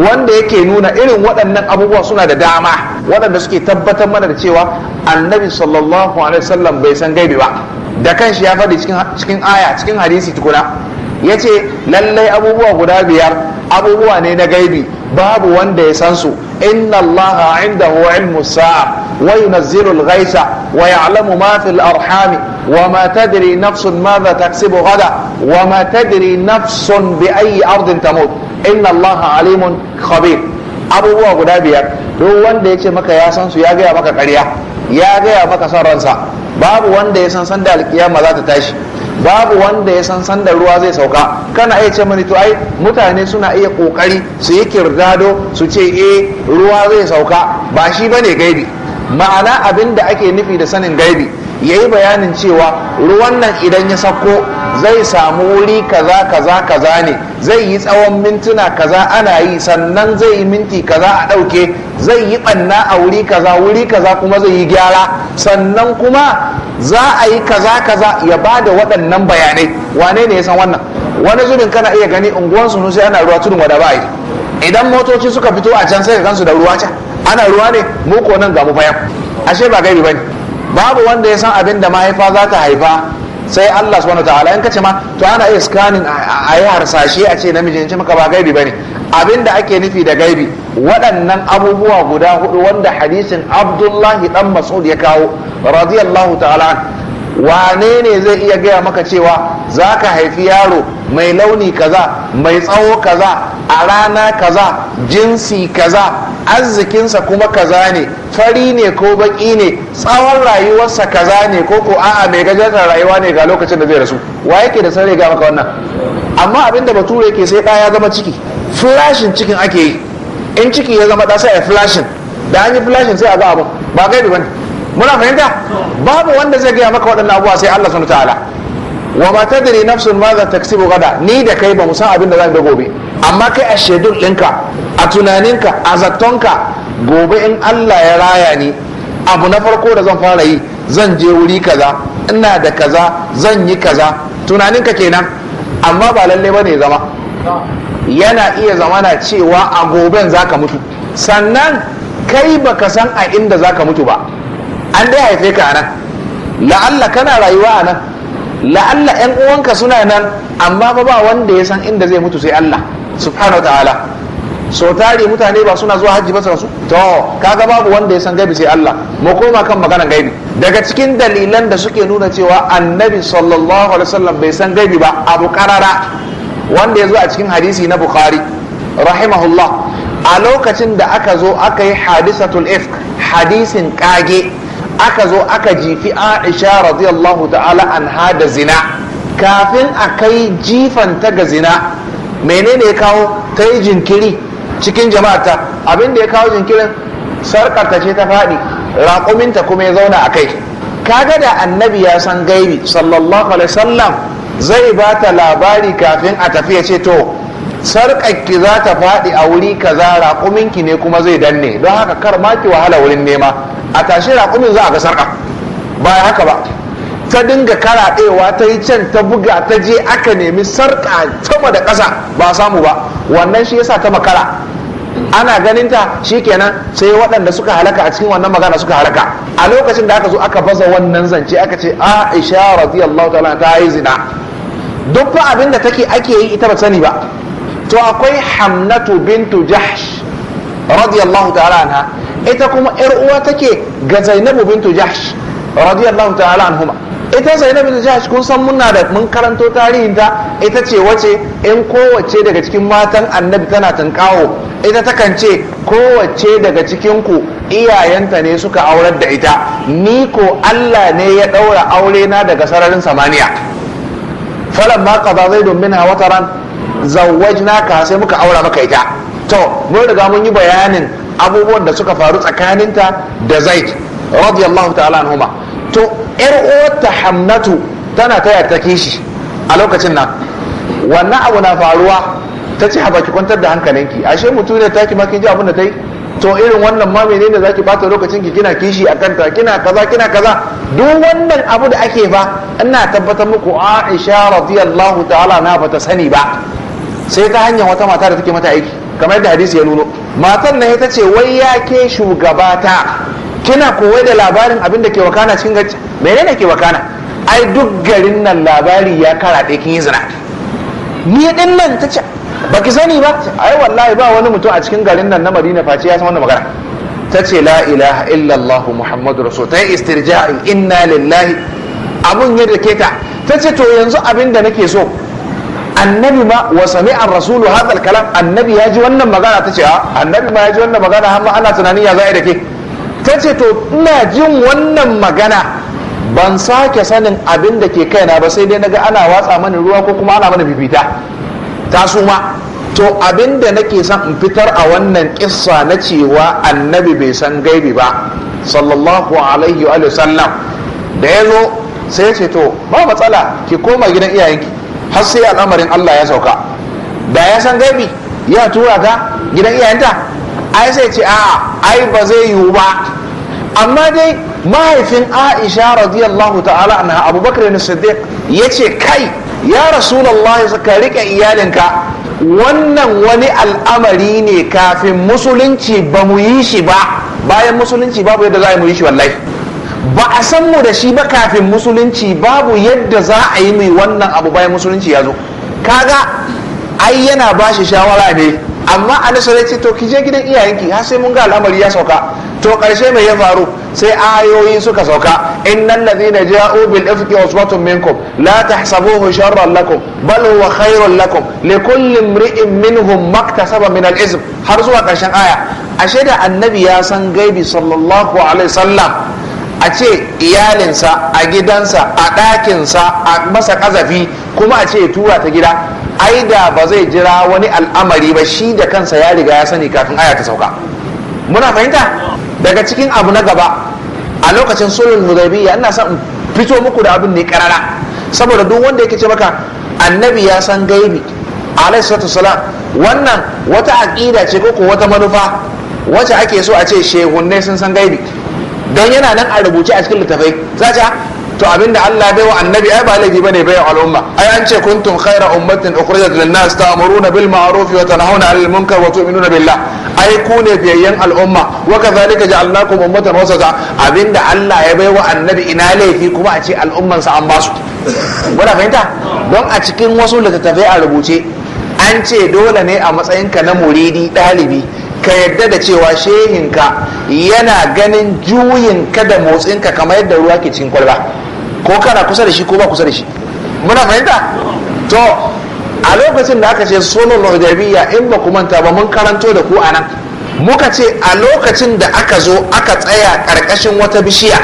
wanda yake nuna irin waɗannan abubuwa suna da dama waɗanda suke tabbatar mana da cewa annabi sallallahu alaihi wasallam bai san gaibi ba da kanshi ya faɗi cikin aya cikin hadisi tukuna ya ce lallai abubuwa guda biyar abubuwa ne na gaibi babu wanda ya san su inna inda huwa ilmu sa'a wa yunazzilu al gaisa wa ya'lamu ma fil arhami wa ma tadri nafsun madha taksibu gada wa ma tadri nafsun bi ayyi ardin tamut inna a alimun khabir abubuwa guda biyar duk wanda ya ce maka ya san su ya gaya maka karya ya gaya maka son ransa babu wanda ya san san da alkiyama za ta tashi babu wanda ya san sanda ruwa zai sauka kana iya ce mani to ai mutane suna iya kokari su yi kirdado su ce eh ruwa zai sauka ba shi bane gaibi ma'ana abin da ake nufi da sanin gaibi ya yi bayanin cewa ruwan nan idan ya sako zai samu wuri kaza kaza kaza ne zai yi tsawon mintuna kaza ana yi sannan zai yi minti kaza a ɗauke zai yi ɓanna a wuri kaza wuri kaza kuma zai yi gyara sannan kuma za a yi kaza kaza ya ba da waɗannan bayanai wane ne ya san wannan wani zurin kana iya gani unguwan su sai ana ruwa tudun wada ba yi idan motoci suka fito a can sai ka gansu da ruwa can ana ruwa ne mu ko nan ga mu bayan ashe ba ba ne. babu wanda ya san abin da mahaifa za ta haifa sai Allah subhanahu ta'ala in kace ma to ana iya scanning a yi harsashe a ce namiji ce maka ba gaibi bane abin da ake nufi da gaibi waɗannan abubuwa guda hudu wanda hadisin Abdullahi dan Mas'ud ya kawo radiyallahu ta'ala wane ne zai iya gaya maka cewa za ka haifi yaro mai launi kaza mai tsawo kaza a rana kaza jinsi kaza arzikinsa kuma kaza ne fari ne ko baki ne tsawon rayuwarsa kaza ne ko ko a'a mai gajartar rayuwa ne ga lokacin da zai rasu wa yake da sarai ga maka wannan amma abin da bature yake sai ɗaya zama ciki flashin cikin ake yi in ciki ya zama ɗasa a flashin da an yi flashin sai a ga abin ba gaibi bane muna fahimta babu wanda zai gaya maka waɗannan abubuwa sai Allah subhanahu ta'ala wa ma tadri nafsun ma za taksibu gada ni da kai ba mu san abin da za mu da gobe amma kai a shedul ɗinka a tunaninka a zattonka gobe in Allah ya raya ni abu na farko da zan fara yi zan je wuri kaza ina da kaza zan yi kaza tunaninka kenan amma ba lalle ba ne zama yana iya zamana cewa a goben za ka mutu sannan kai ba ka san a inda za ka mutu ba an dai haife ka nan la'alla kana rayuwa a nan la'alla yan uwanka suna nan amma ba ba wanda ya san inda zai mutu sai Allah subhanahu wa ta'ala so tare mutane ba suna zuwa hajji ba su to kaga babu wanda ya san gabi sai Allah mu koma kan maganar gaibi daga cikin dalilan da suke nuna cewa annabi sallallahu alaihi wasallam bai san gaibi ba abu karara wanda ya zo a cikin hadisi na bukhari rahimahullah a lokacin da aka zo aka yi hadisatul ifk hadisin kage aka zo aka jifi aisha radiyallahu ta'ala anha da zina kafin a kai jifan ta ga zina menene ya kawo ta yi jinkiri cikin jama'ata abin da ya kawo jinkirin ta ce ta faɗi raƙuminta kuma ya zauna a kai kaga da annabi ya san gaibi sallallahu alaihi sallam zai ba ta labari kafin a tafi ya ce to sarƙarki za ta faɗi a wuri kaza raƙuminki ne kuma zai danne don haka kar ma wahala wurin nema a tashi raƙumin za a ga sarƙa ba haka ba ta dinga karaɗewa ta yi can ta buga ta je aka nemi sarƙa sama da ƙasa ba samu ba wannan shi yasa ta makara ana ganin ta kenan sai waɗanda suka halaka a cikin wannan magana suka halaka a lokacin da aka zo aka baza wannan zance aka ce aisha radiyallahu ta'ala ta yi zina duk fa abin da take ake yi ita ba sani ba to akwai hamnatu bintu jahsh radiyallahu ta'ala anha ita kuma yar uwa take ga Zainabu bintu Jahsh radiyallahu ta'ala anhuma ita Zainab bintu Jahsh kun san muna da mun karanto tarihin ta ita ce wace in kowace daga cikin matan Annabi tana tankawo ita takan ce kowace daga cikin ku iyayenta ne suka aurar da ita ni ko Allah ne ya daura aure na daga sararin samaniya ma qada zaidun minha wataran ka sai muka aura maka ita to mun riga mun yi bayanin abubuwan da suka faru tsakaninta da zait radiyallahu ta'ala anhuma to yar uwarta hamnatu tana taya ta kishi a lokacin nan wannan abu na faruwa ta ci haba ki kwantar da hankalinki ashe mutu ne taki ma kin ji abin da ta yi to irin wannan ma menene zaki bata lokacin ki kina kishi a kanta kina kaza kina kaza duk wannan abu da ake ba ina tabbatar muku Aisha radiyallahu ta'ala na bata sani ba sai ta hanyar wata mata da take mata aiki kamar yadda hadisi ya nuno matan na ita ce wai ya ke shugabata kina kowai da labarin abin da ke wakana cikin gacci menene ke wakana ai duk garin nan labari ya karaɗe kin yi zina ni din nan ta ce ba ki sani ba ai wallahi ba wani mutum a cikin garin nan na madina face ya san wannan magana ta ce la ilaha illallah muhammadu rasul ta yi istirja'in inna lillahi abun ya ke ta ta ce to yanzu abin da nake so annabi ma wa an rasulu hadha kalam annabi ya ji wannan magana ta ce ah, annabi ma ya ji wannan magana har ma ana tunanin ya za'i da ke ta ce to ina jin wannan magana ban sake sanin abin da ke kaina ba sai dai naga ana watsa mani ruwa ko kuma ana mana bibita ta suma to abin da nake son in fitar a wannan kissa na cewa annabi bai san gaibi ba sallallahu alaihi wa sallam da ya zo sai ya ce to ba matsala ki koma gidan iyayenki har sai al'amarin Allah ya sauka da ya san gaibi ya tura ta gidan iyayenta ai sai ce a'a ai ba zai yiwu ba amma dai mahaifin aisha radiyallahu ta'ala na abubakar ne siddiq ya ce kai ya rasulallah ka rike iyalinka wannan wani al'amari ne kafin musulunci ba mu yi shi ba bayan musulunci babu yadda za mu yi shi wallahi ba a san mu da shi ba kafin musulunci babu yadda za a yi mai wannan abu bayan musulunci ya zo kaga ai yana ba shi shawara ne amma a nasarar ce to kije gidan iyayenki har sai mun ga al'amari ya sauka to karshe mai ya faru sai ayoyi suka sauka innal ladhina ja'u bil ifki usbatun minkum la tahsabuhu sharran lakum bal huwa khairun lakum le kulli imri'in minhum maktasaba min al izm har zuwa karshen aya ashe da annabi ya san gaibi sallallahu alaihi wasallam a ce iyalinsa a gidansa a ɗakinsa a masa ƙazafi kuma a ce tura ta gida ai da ba zai jira wani al'amari ba shi da kansa ya riga ya sani kafin aya ta sauka muna fahimta daga cikin abu na gaba a lokacin sulhul hudaybiyya ina son fito muku da abin ne karara saboda duk wanda yake ce maka annabi ya san gaibi alaihi salatu wannan wata aƙida ce ko wata manufa wacce ake so a ce shehunne sun san gaibi don yana nan a rubuce a cikin littafai za ta to abinda Allah bai wa annabi ai ba laifi bane bai al'umma ai an ce kuntum khaira ummatin ukhrijat lin nas ta'muruna bil ma'ruf wa tanhauna 'anil munkar wa tu'minuna billah ai ku ne biyayyen al'umma wa kadhalika ja'alnakum ummatan wasata da Allah ya bai wa annabi ina laifi kuma a ce al'umman sa an ba su wala fahimta don a cikin wasu littattafai a rubuce an ce dole ne a matsayinka na muridi ɗalibi ka yarda da cewa shehinka yana ganin juyin ka da motsinka kamar yadda ruwa ke cikin kwalba ko kana kusa da shi ko ba kusa da shi muna fahimta to a lokacin da aka ce sunan lordabiyya in ba ku manta ba mun karanto da ku a nan muka ce a lokacin da aka zo aka tsaya ƙarƙashin wata bishiya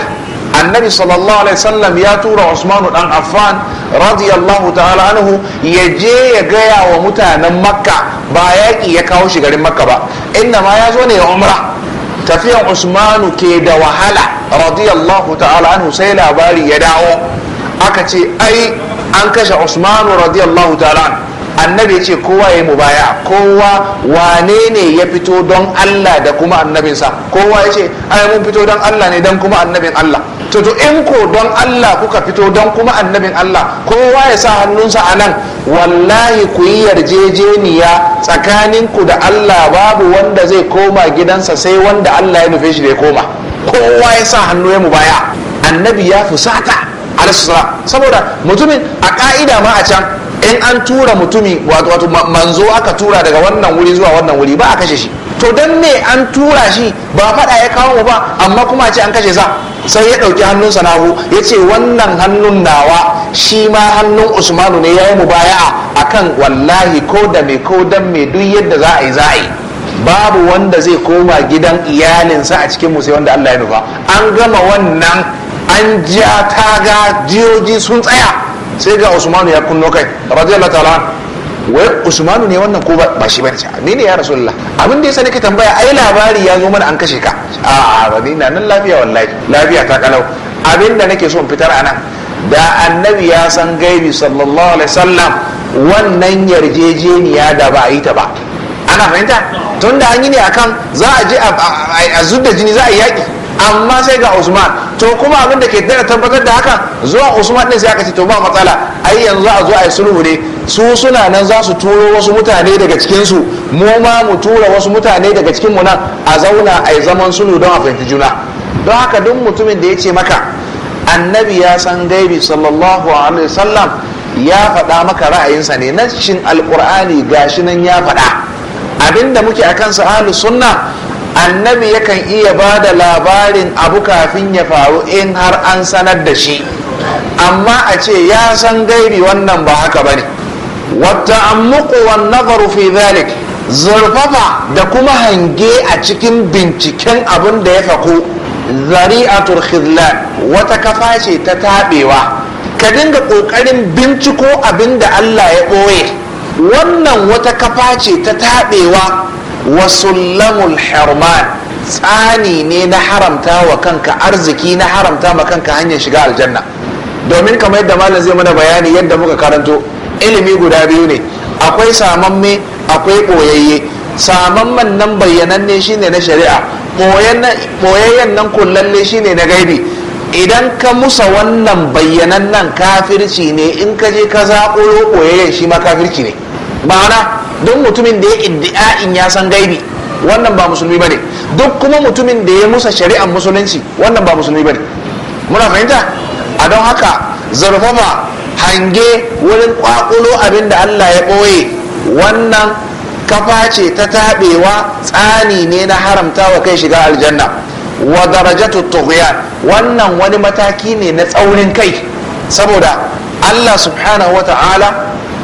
annabi sallallahu alaihi wasallam ya tura usmanu dan affan radiyallahu ta'ala anhu ya je ya gaya wa mutanen makka ba yaƙi ya kawo shi garin makka ba inna ma ya zo ne ya umra tafiyan usmanu ke da wahala radiyallahu ta'ala anhu sai labari ya dawo aka ce ai an kashe usmanu radiyallahu ta'ala annabi ya ce kowa ya yi mubaya kowa wane ne ya fito don allah da kuma annabinsa kowa ya ce ai mun fito don allah ne don kuma annabin allah to to in ko don Allah kuka fito don kuma annabin Allah kowa ya sa hannunsa a nan wallahi ku yi yarjejeniya tsakaninku da Allah babu wanda zai koma gidansa sai wanda Allah ya nufe shi da ya koma kowa ya sa hannu ya baya, annabi ya fusata alaihissalam saboda mutumin a ka'ida ma a can in an tura mutumi wato manzo aka tura daga wannan wuri zuwa wannan wuri ba a kashe shi to dan me an tura shi ba faɗa ya kawo mu ba amma kuma ce an kashe sa sai ya ɗauki hannunsa na hu ya ce wannan hannun nawa shi ma hannun usmanu ne ya yi a kan wallahi ko da me ko dan me duk yadda za a yi za a yi babu wanda zai koma gidan iyalinsa a cikin sai wanda Allah ya nufa an gama wannan an ja ta ga jiyoji sun tsaya sai ga usmanu ya kunno kai radiyallahu ta'ala wai usmanu ne wannan ko ba shi bane ni ne ya rasulullah abin da yasa nake tambaya ai labari ya zo mana an kashe ka a ba na nan lafiya wallahi lafiya ta kalau abin da nake so in fitar anan da annabi ya san gaibi sallallahu alaihi wasallam wannan yarjejeniya da ba a yi ta ba ana fahimta Tunda da an yi ne akan za a je a zudda jini za a yi yaƙi amma sai ga usman to kuma abin da ke da tabbatar da haka zuwa usman din sai aka ce to ba matsala ai yanzu a zo a yi sulhu ne su suna nan za su turo wasu mutane daga cikin su mu ma mu tura wasu mutane daga cikin mu nan a zauna a yi zaman sulhu don a fahimci juna don haka duk mutumin da ya ce maka annabi ya san gaibi sallallahu alaihi wasallam ya faɗa maka ra'ayinsa ne nashin alƙur'ani gashi nan ya faɗa abinda muke akan sa ahlus sunna annabi yakan iya ba da labarin abu kafin ya faru in har an sanar da shi amma a ce ya san gairi wannan ba haka ba ne wata ammuku nazaru fi zalik zurfafa da kuma hange a cikin binciken abin da ya faku zari'atul khidlan wata kafa ce ta tabewa. ka dinga ƙoƙarin binciko abin da allah ya ɓoye wannan wata kafa ce ta tabewa. wasullamul harman tsani ne na haramta wa kanka arziki na haramta ma kanka hanyar shiga aljanna domin kamar yadda malam zai mana bayani yadda muka karanto ilimi guda biyu ne akwai samamme akwai boyayye samamman nan bayyananne shine na shari'a ɓoyayyen nan kullalle shine na gaibi idan ka musa wannan bayyanan nan kafirci ne in ka je ka zaɓo ɓoyayyen shi ma kafirci ne ma'ana don mutumin da ya iddi'a'in ya san gaibi wannan ba musulmi bane duk kuma mutumin da ya musa shari'ar musulunci wannan ba musulmi bane muna fahimta a don haka zarfafa hange wurin ƙwaƙulo abin da Allah ya ɓoye wannan kafa ce ta taɓewa tsani ne na haramta wa kai shiga aljanna wa darajatu tughyan wannan wani mataki ne na tsaurin kai saboda Allah subhanahu wa ta'ala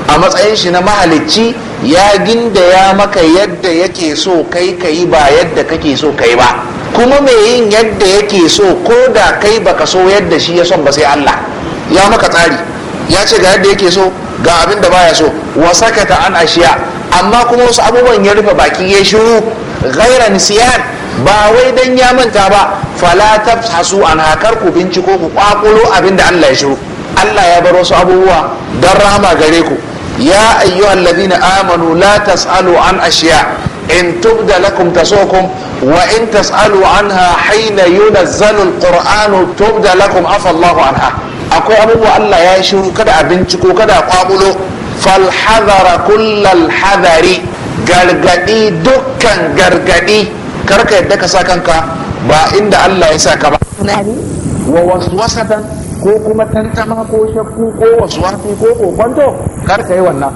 a matsayin shi na mahalicci ya ginda ya maka yadda yake so kai ka ba yadda kake so kai ba kuma mai yin yadda yake so ko da kai baka so yadda shi ya son ba sai Allah ya maka tsari ya ce ga yadda yake so ga abin da baya so wa sakata an ashiya amma kuma wasu abubuwan ya rufe baki ya shiru ghairan siyan. ba wai dan ya manta ba fala tafhasu an hakar ku binciko ku kwakulo abin da Allah ya shiru Allah ya bar wasu abubuwa dan rama gare ku يا أيها الذين آمنوا لا تسألوا عن أشياء إن تبد لكم تسؤكم وإن تسألوا عنها حين ينزل القرآن تبد لكم عفى الله عنها أقول أبو الله يا شو كذا أبنتكو كذا قابلوا فالحذر كل الحذر gargadi dukkan gargadi karka yadda ka sa kanka ba inda Allah ya sa ka ba wa waswasatan ko kuma tantama ko shakku ko waswasi ko kokonto kar ka yi wannan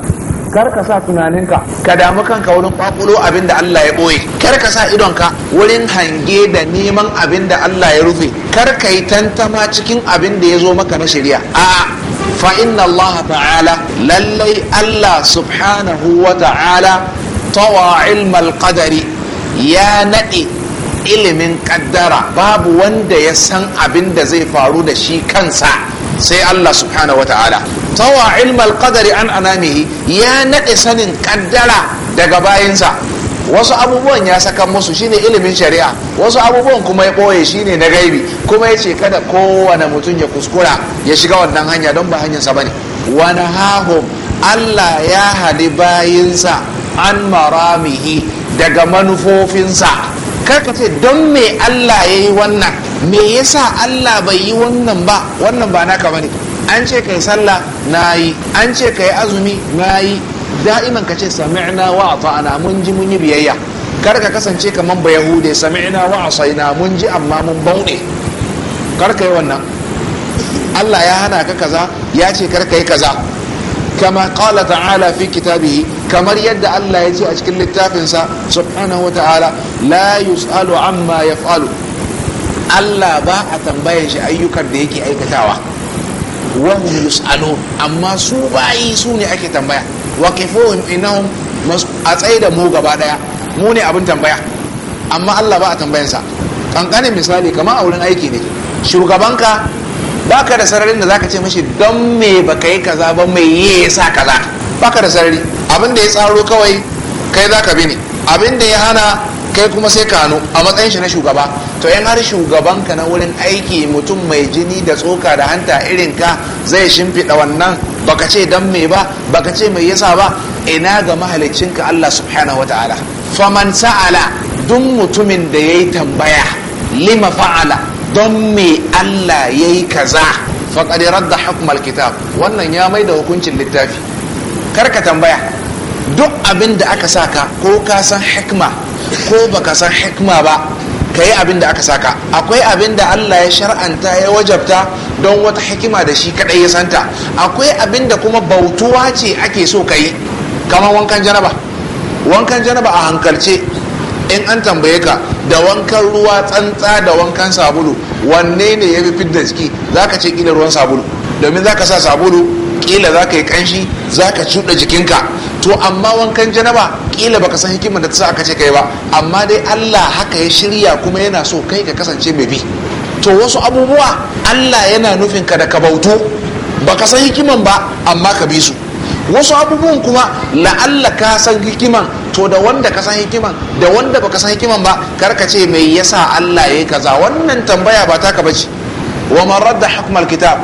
kar ka sa tunaninka ka damu kanka wurin kwakulo abin da Allah ya boye kar ka sa idonka wurin hange da neman abin da Allah ya rufe kar ka yi tantama cikin abin da ya zo maka na shari'a a fa inna Allah ta'ala lallai Allah subhanahu wa ta'ala tawa ilmal qadari ya nade ilimin kaddara babu wanda ya san abin da zai faru da shi kansa sai Allah subhanahu wa ta'ala tawa ilmal qadari an anamihi ya nade sanin kaddara daga bayansa wasu abubuwan ya saka musu shine ilimin shari'a wasu abubuwan kuma ya ɓoye shine na gaibi kuma ya ce kada kowane mutum ya kuskura ya shiga wannan hanya don ba hanyarsa bane wani hahu allah ya hadi bayinsa an maramihi daga manufofinsa karka ce don me allah ya yi wannan me yasa allah bai yi wannan ba wannan ba naka bane an ce kai sallah nayi an ce kai azumi nayi da'iman ka ce sami'na wa ata'na mun ji mun yi biyayya kar ka kasance kaman ba yahude sami'na wa asaina mun ji amma mun baune. kar ka yi wannan Allah ya hana ka kaza ya ce kar ka yi kaza kama qala ta'ala fi kitabihi kamar yadda Allah ya ce a cikin littafinsa subhanahu wa ta'ala la yus'alu amma yaf'alu Allah ba a tambayan shi ayyukan da yake aikatawa wahum yus'alun amma su bayi su ne ake tambaya wa kifuhum innahum a tsaye da mu gaba daya mu ne abin tambaya amma Allah ba a tambayansa kankanin misali kama a wurin aiki ne shugabanka ka da sararin da zaka ce mashi don me baka yi kaza ba me ya sa kaza ba ka da sarari abin da ya tsaro kawai kai za ka bi ne abin da ya hana kai kuma sai ka hannu a matsayin shi na shugaba to yan har shugabanka na wurin aiki mutum mai jini da tsoka da hanta irin ka zai shimfiɗa wannan baka ce dan me ba baka ce mai yasa ba ina ga ka Allah subhanahu wataala faman sa'ala duk mutumin da yayi tambaya lima fa'ala don me Allah yayi kaza faqad radda hukm kitab wannan ya maida hukuncin littafi karka tambaya duk abin da aka ka ko ka san hikma ko baka san hikma ba ka yi abin da aka saka akwai abin da allah ya shar'anta ya wajabta don wata hikima da shi kadai ya santa akwai abin da kuma bautuwa ce ake so ka yi kamar wankan janaba wankan janaba a hankalce in an tambaye ka da wankan ruwa tsantsa da wankan sabulu wanne ne ya fi da ciki za ka ce kila ruwan sabulu domin za ka sa sabulu kila za ka yi kanshi za ka cuɗa jikinka to amma wankan janaba kila baka san hikimar da ta sa aka ce kai ba amma dai Allah haka ya shirya kuma yana so kai ka kasance mai bi to wasu abubuwa Allah yana nufin ka da ka bautu baka san hikiman ba amma ka bi su wasu abubuwan kuma la'alla ka san hikiman to da wanda ka san hikiman da wanda baka san hikiman ba kar ka ce mai yasa Allah yayi kaza wannan tambaya ba taka bace wa man radda hukmal kitab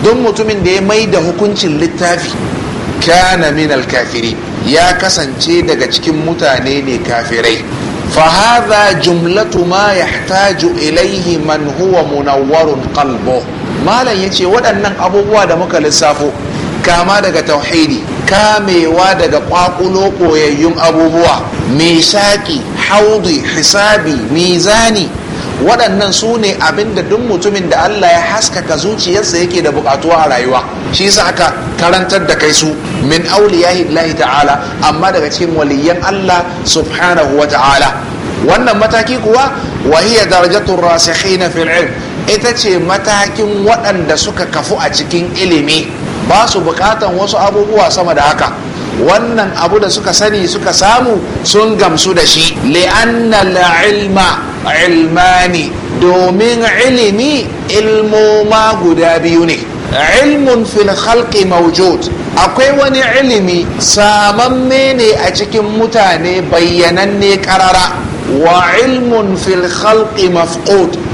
don mutumin da ya mai da hukuncin littafi kana min alkafiri ya kasance daga cikin mutane ne kafirai fahaza jumlatu ma taju ilaihi man huwa munawwarun kalbo malam ya ce waɗannan abubuwa da muka lissafo kama daga tauhidi kamewa daga ƙwaƙulo koyayyun abubuwa shaƙi haudi hisabi mizani waɗannan su ne abin da duk mutumin da Allah ya haskaka zuciyarsa yake da bukatuwa a rayuwa shi yasa aka karantar da kai su min auliyahi Allah ta'ala amma daga cikin waliyan Allah subhanahu wa ta'ala wannan mataki kuwa wa hiya darajatul rasikhina fil ilm ita ce matakin waɗanda suka kafu a cikin ilimi ba su buƙatan wasu abubuwa sama da haka wannan abu da suka sani suka samu sun gamsu da shi li'annal ilma ilmani domin ilimi ilmoma guda biyu ne ilmun fil khalqi mawjud akwai wani ilimi samamme ne a cikin mutane bayyananne karara wa ilmun fil khalqi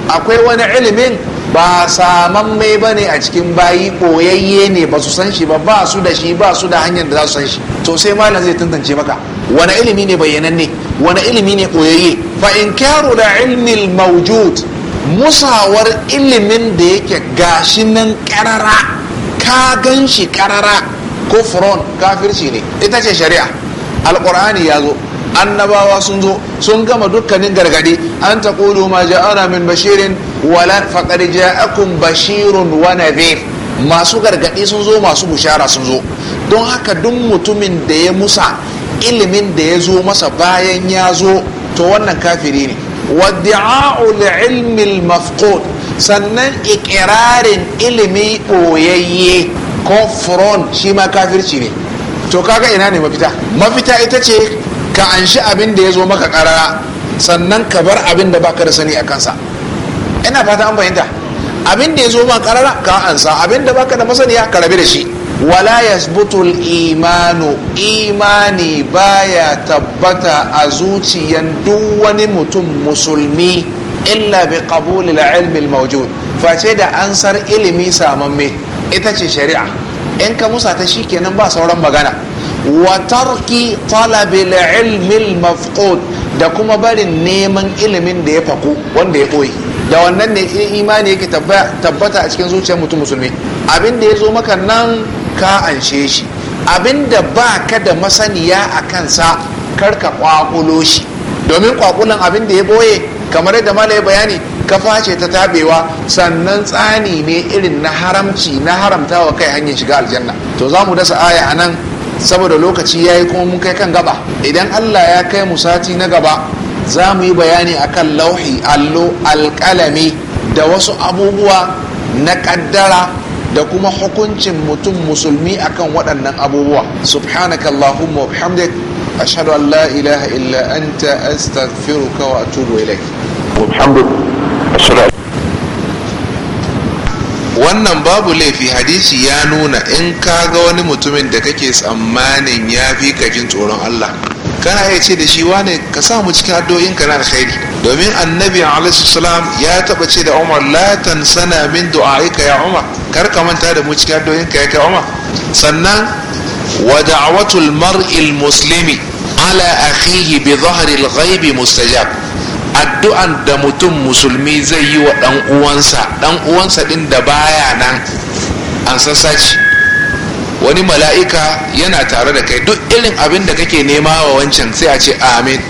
akwai wani ilimin ba samamme ba ne a cikin bayi ɓoyayye ne ba su san shi ba ba su da shi ba su da hanyar da za su san shi to sai malam zai tantance maka wani ilimi ne bayyananne wani ilimi ne ɓoyayye fa in kyaru da ilmin maujud musawar ilimin da yake gashi nan karara ka gan shi karara ko furon kafirci ne ita ce shari'a alƙur'ani ya zo annabawa sun zo sun gama dukkanin gargadi an taƙulu ma ja'ana min bashirin wala faqad akun bashirun wa nadhir masu gargaɗi sun zo masu bushara sun zo don haka duk mutumin da ya musa ilimin da ya zo masa bayan ya zo to wannan kafiri ne wadda'a'ul ilmil mafqud sannan ikirarin ilimi boyayye kofron shi ma kafirci ne to kaga ina ne mafita mafita ita ce ka anshi abin da ya zo maka karara sannan ka bar abin da baka da sani a kansa ina fata an fahimta abin da ya zo ma karara ka ansa abin da baka da masaniya ka rabe da shi wala yasbutul imanu imani baya tabbata a zuciyan duk wani mutum musulmi illa bi al ilmi al mawjud face da ansar ilimi samamme ita ce shari'a in ka musa ta kenan ba sauran magana wa tarki talabil ilmi al mafqud da kuma barin neman ilimin da ya faku wanda ya koyi. da wannan ne sai imani yake tabbata a cikin zuciyar mutum musulmi abin da ya zo maka nan ka anshe shi abin da ba ka da masaniya a kansa karka kwakulo shi domin kwakulan abin da ya boye kamar yadda mala bayani ka ce ta tabewa sannan tsani ne irin na haramci na haramtawa kai hanyar shiga aljanna to za mu dasa aya a nan saboda lokaci ya yi kuma mun kai kan gaba idan allah ya kai mu sati na gaba za mu yi bayani a kan lauhi allo alƙalami da wasu abubuwa na ƙaddara da kuma hukuncin mutum musulmi a kan waɗannan abubuwa subhanaka wa bihamdik an la ilaha illa anta astaghfiruka wa atubu ilaik wannan babu laifi hadisi ya nuna in ka ga wani mutumin da kake tsammanin ya fi kajin tsoron Allah kana iya ce da shi wane ka samu cikin addu'o'inka na alkhairi domin annabi alaihi salam ya taba ce da umar la tansana min du'aika ya umar kar ka manta da mu cikin addu'o'inka ya kai umar sannan wa da'watul mar'il muslimi ala akhihi bi dhahri al-ghaibi mustajab addu'an da mutum musulmi zai yi wa dan uwansa dan uwansa din da baya nan an sassaci wani mala'ika yana tare da kai duk irin abin da kake nema wa wancan sai a ce amin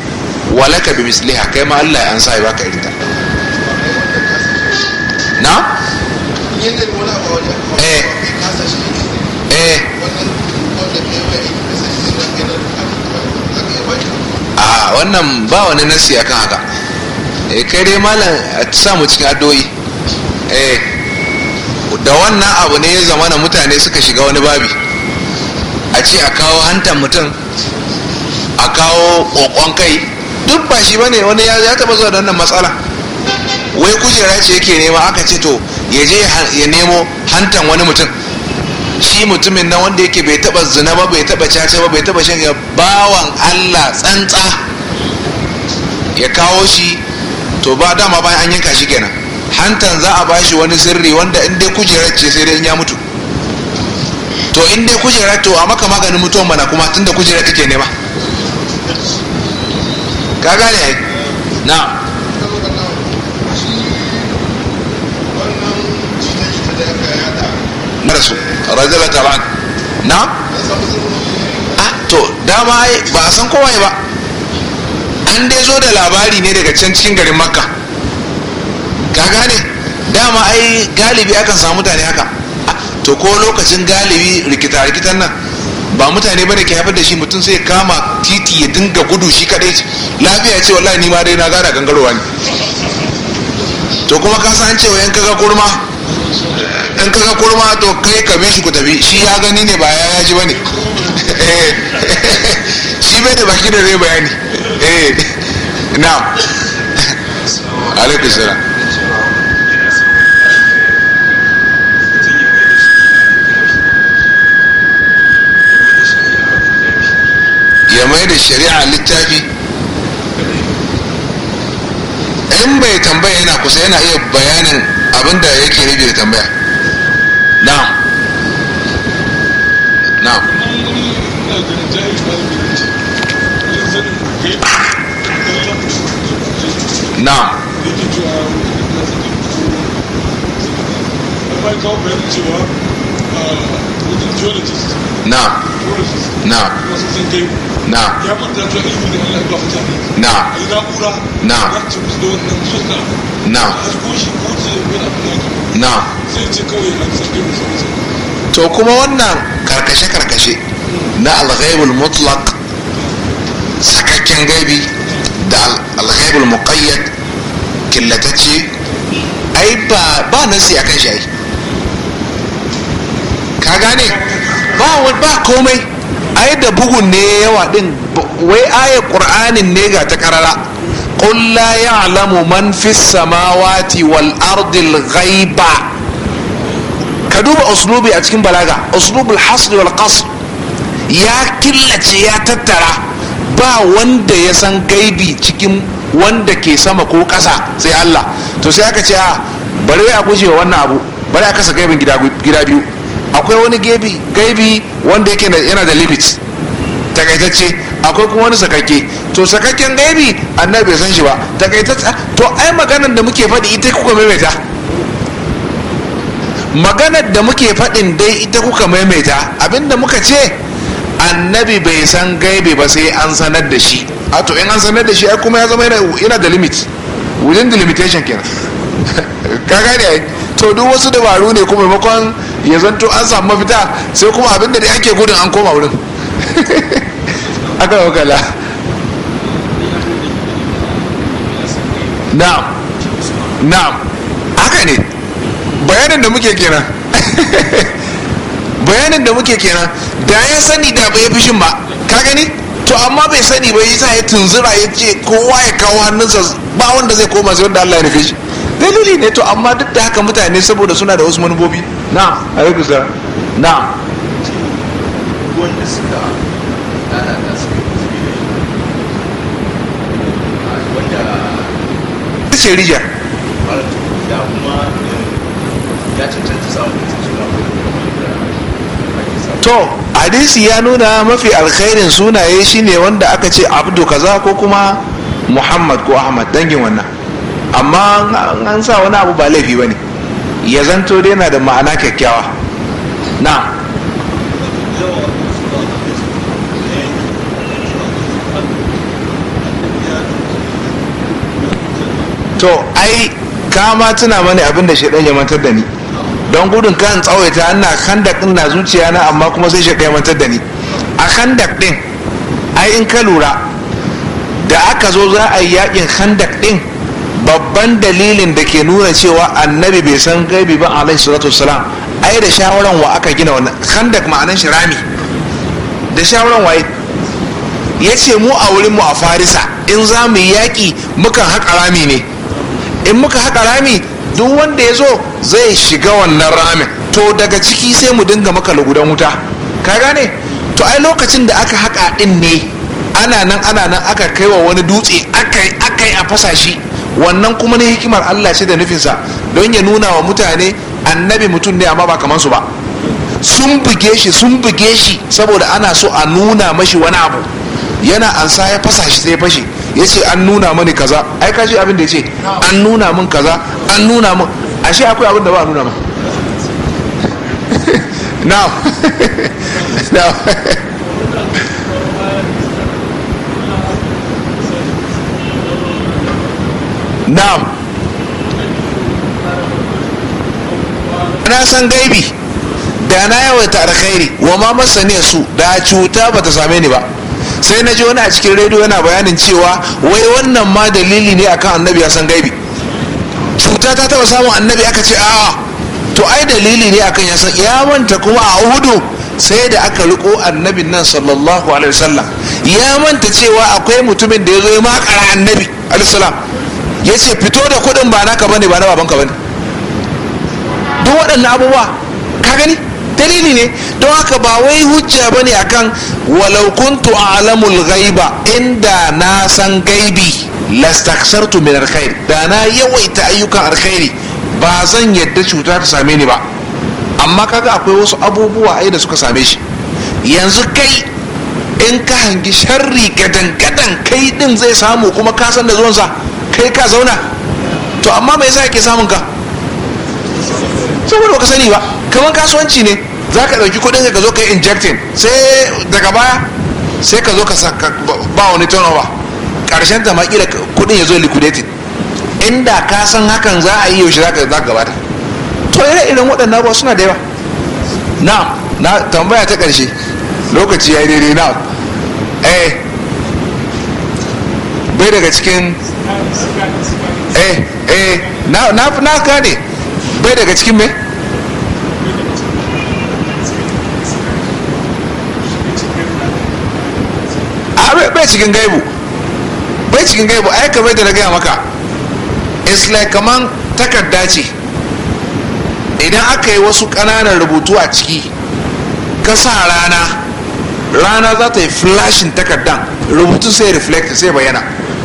walaka bi misliha kai ma Allah ya ansa ya baka irinta na eh eh a wannan ba wani nasi akan haka eh kai dai malam sa mu cikin addu'o'i eh da wannan abu ne ya zama na mutane suka shiga wani babi a ce a kawo hantar mutum a kawo kokon kai duk ba shi bane wani ya taba zuwa da wannan matsala wai kujera ce yake nema aka ce to ya je ya nemo hantan wani mutum shi mutumin na wanda yake bai taba zina ba bai taba caca ba bai taba shan bawan Allah tsantsa ya kawo shi to ba dama bayan an yanka shi kenan hantan za a bashi wani sirri wanda in dai kujerar ce sai dai in ya mutu to in dai kujera to a maka maganin mutuwan mana kuma tunda kujera kake nema ka gane na razzala ta taban na a to dama ba a san kowaye ba an dai zo da labari ne daga can cikin garin makka ka gane dama ai galibi akan samu mutane haka to ko lokacin galibi rikita rikitan nan ba mutane bane ke haifar da shi mutum sai kama titi ya dinga gudu shi kadai lafiya ce wallahi ni ma dai na gara gangarowa ne to kuma ka san cewa yan kaga kurma yan kaga kurma to kai ka bi shi ku tafi shi ya gani ne ba ya yaji bane shi bai da baki da zai bayani eh na alaikum salam ya mai da shari'a littafi in bai tambaya yana kusa yana iya bayanin abin da yake nufi da tambaya na na na Na. sociologists. نعم. نعم. نعم. نعم. نعم. نعم. نعم. to kuma wannan karkashe-karkashe na alghaibul mutlaq sakakken gaibi da alghaibul muqayyad killatacce ai ba ba nan sai akan shi ai ka gane ba ba komai ai da bugun ne yawa din wai ayar qur'anin ne ga ta karara qul la ya'lamu man fis samawati wal ardil ghaiba ka duba uslubi a cikin balaga uslubul hasr wal qasr ya killace ya tattara ba wanda ya san gaibi cikin wanda ke sama ko ƙasa sai Allah to sai aka ce a ah, bari a guje wa wannan abu bari a kasa gaibin gida biyu akwai wani gebi gaibi wanda yake yana da limit takaitacce akwai kuma wani sakakke to sakakken gaibi annabi bai san shi ba takaitacce to ai maganar da muke faɗi ita kuka maimaita maganar da muke faɗin dai ita kuka maimaita abinda muka ce annabi bai san gaibi ba sai an sanar da shi a to in an sanar da shi ai kuma ya zama yana da limit within the limitation kenan ka gane to duk wasu dabaru ne kuma maimakon ya zanto an samu mafita sai kuma abin da ake gudun an koma wurin aka wakala na na haka ne bayanin da muke kenan bayanin da muke kenan da ya sani da bai fishin ba ka gani to amma bai sani bai yi sa ya tunzura ya ce kowa ya kawo hannunsa ba wanda zai koma sai wanda Allah ya nufi shi dalili ne to amma duk da haka mutane saboda suna da wasu manubobi na a yi kusa na wanda suka lalata ah, ah, ah, suka wanda ta ce rijiya da kuma ya cancanta samun to hadisi ya nuna mafi alkhairin sunaye shine wanda aka ce abdu kaza ko kuma muhammad ko ahmad dangin wannan amma an sa wani abu ba laifi ba ne ya zanto dai yana da ma'ana kyakkyawa na to ai kama tuna mani abinda da shaidan ya mantar da ni don gudun kan tsawaita ana kandak din na zuciya na amma kuma sai shaidan ya mantar da ni a kandak din ai in ka lura da aka zo za a yi yakin kandak din babban dalilin da ke nuna cewa annabi bai san gaibi ba alaihi salatu wasalam ai da shawaran wa aka gina wannan khandak ma'anan shi rami da shawaran waye ya ce mu a wurin mu a farisa in za mu yi yaƙi muka haƙa rami ne in muka haƙa rami duk wanda ya zo zai shiga wannan ramin to daga ciki sai mu dinga maka lugudan wuta ka gane to ai lokacin da aka haƙa ɗin ne ana nan ana nan aka kaiwa wani dutse aka yi a fasa shi wannan kuma ne hikimar Allah shi da nufinsa don ya nuna wa mutane annabi mutum ne amma ba kamar su ba sun buge shi sun buge shi saboda ana so a nuna mashi wani abu yana ansa ya fasa shi sai fashe ya ce an nuna mani kaza ai ka ji abin da ya ce an nuna min kaza an nuna min ashe akwai abin da ba a nuna min now now na'am na san gaibi da na yawaita alkhairi wa ma masaniya su da cuta ba ta same ni ba sai na ji wani a cikin rediyo yana bayanin cewa wai wannan ma dalili ne akan annabi ya san gaibi cuta ta taba samun annabi aka ce a to ai dalili ne akan ya san ya manta kuma a hudu sai da aka riko annabin nan sallallahu alaihi wasallam ya manta cewa akwai mutumin da ya zo ya makara annabi alaihi ya ce fito da kuɗin ba naka bane ba na babanka bane duk waɗannan abubuwa ka gani dalili ne don haka ba wai hujja bane akan walau kuntu a'lamul ghaiba inda na san gaibi lastaksartu min alkhair da na yawaita ayyukan alkhairi ba zan yadda cuta ta same ni ba amma kaga akwai wasu abubuwa ai da suka same shi yanzu kai in ka hangi sharri gadan gadan kai din zai samu kuma ka san da zuwansa kai ka zauna to amma me yasa yake samun ka saboda ka sani ba kamar kasuwanci ne za ka ɗauki kudin ka zo ka yi injecting sai daga baya sai ka zo ka ba wani turnover ƙarshen ta makila kuɗin ya zo liquidating inda ka san hakan za a yi yaushe za ka gabata to ire irin waɗannan ba suna da yawa na na tambaya ta ƙarshe lokaci ya yi daidai na eh bai daga cikin eh eh na na na gane bai daga cikin me ah, bai cikin gaibu bai cikin gaibu ai kamar da na gaya maka it's like kaman takarda ce idan aka yi wasu ƙananan rubutu a ciki kasa rana rana za ta yi flashin takardan rubutu sai reflect sai bayana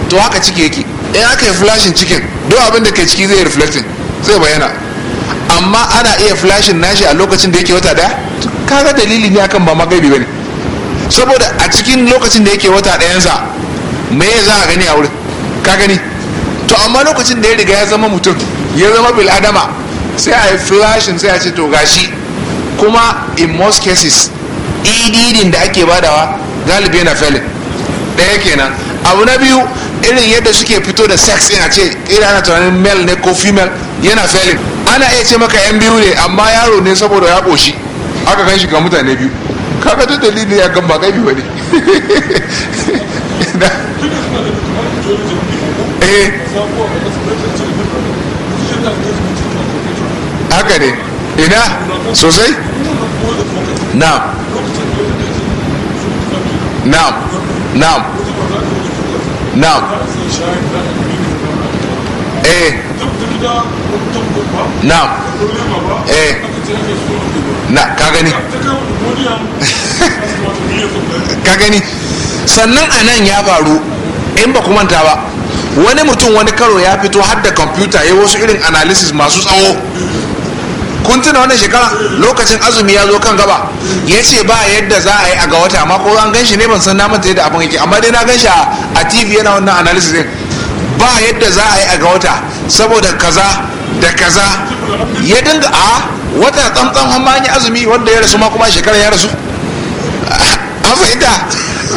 to haka ciki yake in aka yi flashin cikin duk abin da ke ciki zai reflecting zai bayyana amma ana iya flashin nashi a lokacin da yake wata daya kaga dalili ne akan ba magaibi bane saboda a cikin lokacin da yake wata dayansa me za a gani a wurin ka gani to amma lokacin da ya riga ya zama mutum ya zama bil adama sai a yi flashin sai a ce to gashi kuma in most cases ididin e da ake badawa galibi yana felin ɗaya kenan abu na biyu irin yadda suke fito da sex yana ce ina ana tunanin male ne ko female yana felin ana iya ce maka yan biyu ne amma yaro ne saboda ya koshi aka kan shiga mutane biyu kaga ta dalili ya kan ba kai biyu ne eh. haka ne ina sosai na'am na'am na'am na'am eh na'am eh na ka gani sannan a nan ya faru in ba manta ba wani mutum wani karo ya fito har da kwamfuta ya wasu irin analysis masu tsawo kun tuna wannan shekara lokacin azumi ya zo kan gaba ya ce ba yadda za a yi a ga wata amma ko an ganshi ne ban san namun mata yadda abin yake amma dai na ganshi a tv yana wannan analysis din ba yadda za a yi a ga wata saboda kaza da kaza ya dinga a wata tsantsan hamma an yi azumi wanda ya rasu ma kuma shekara ya rasu an fahimta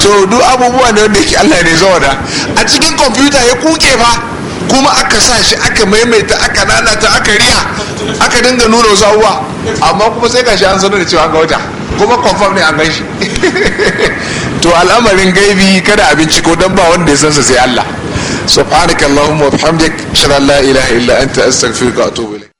to duk abubuwa ne wanda yake allah ne zuwa da a cikin kwamfuta ya kuke fa kuma aka sa shi aka maimaita aka nanata aka riya aka dinga nuna wasu abubuwa amma kuma sai gashi an sanar da cewa ga wata kuma confirm ne an gan shi to al'amarin gaibi kada abinci ko dan ba wanda ya san sa sai Allah subhanakallahumma wa bihamdik shalla la ilaha illa anta astaghfiruka wa atubu ilayk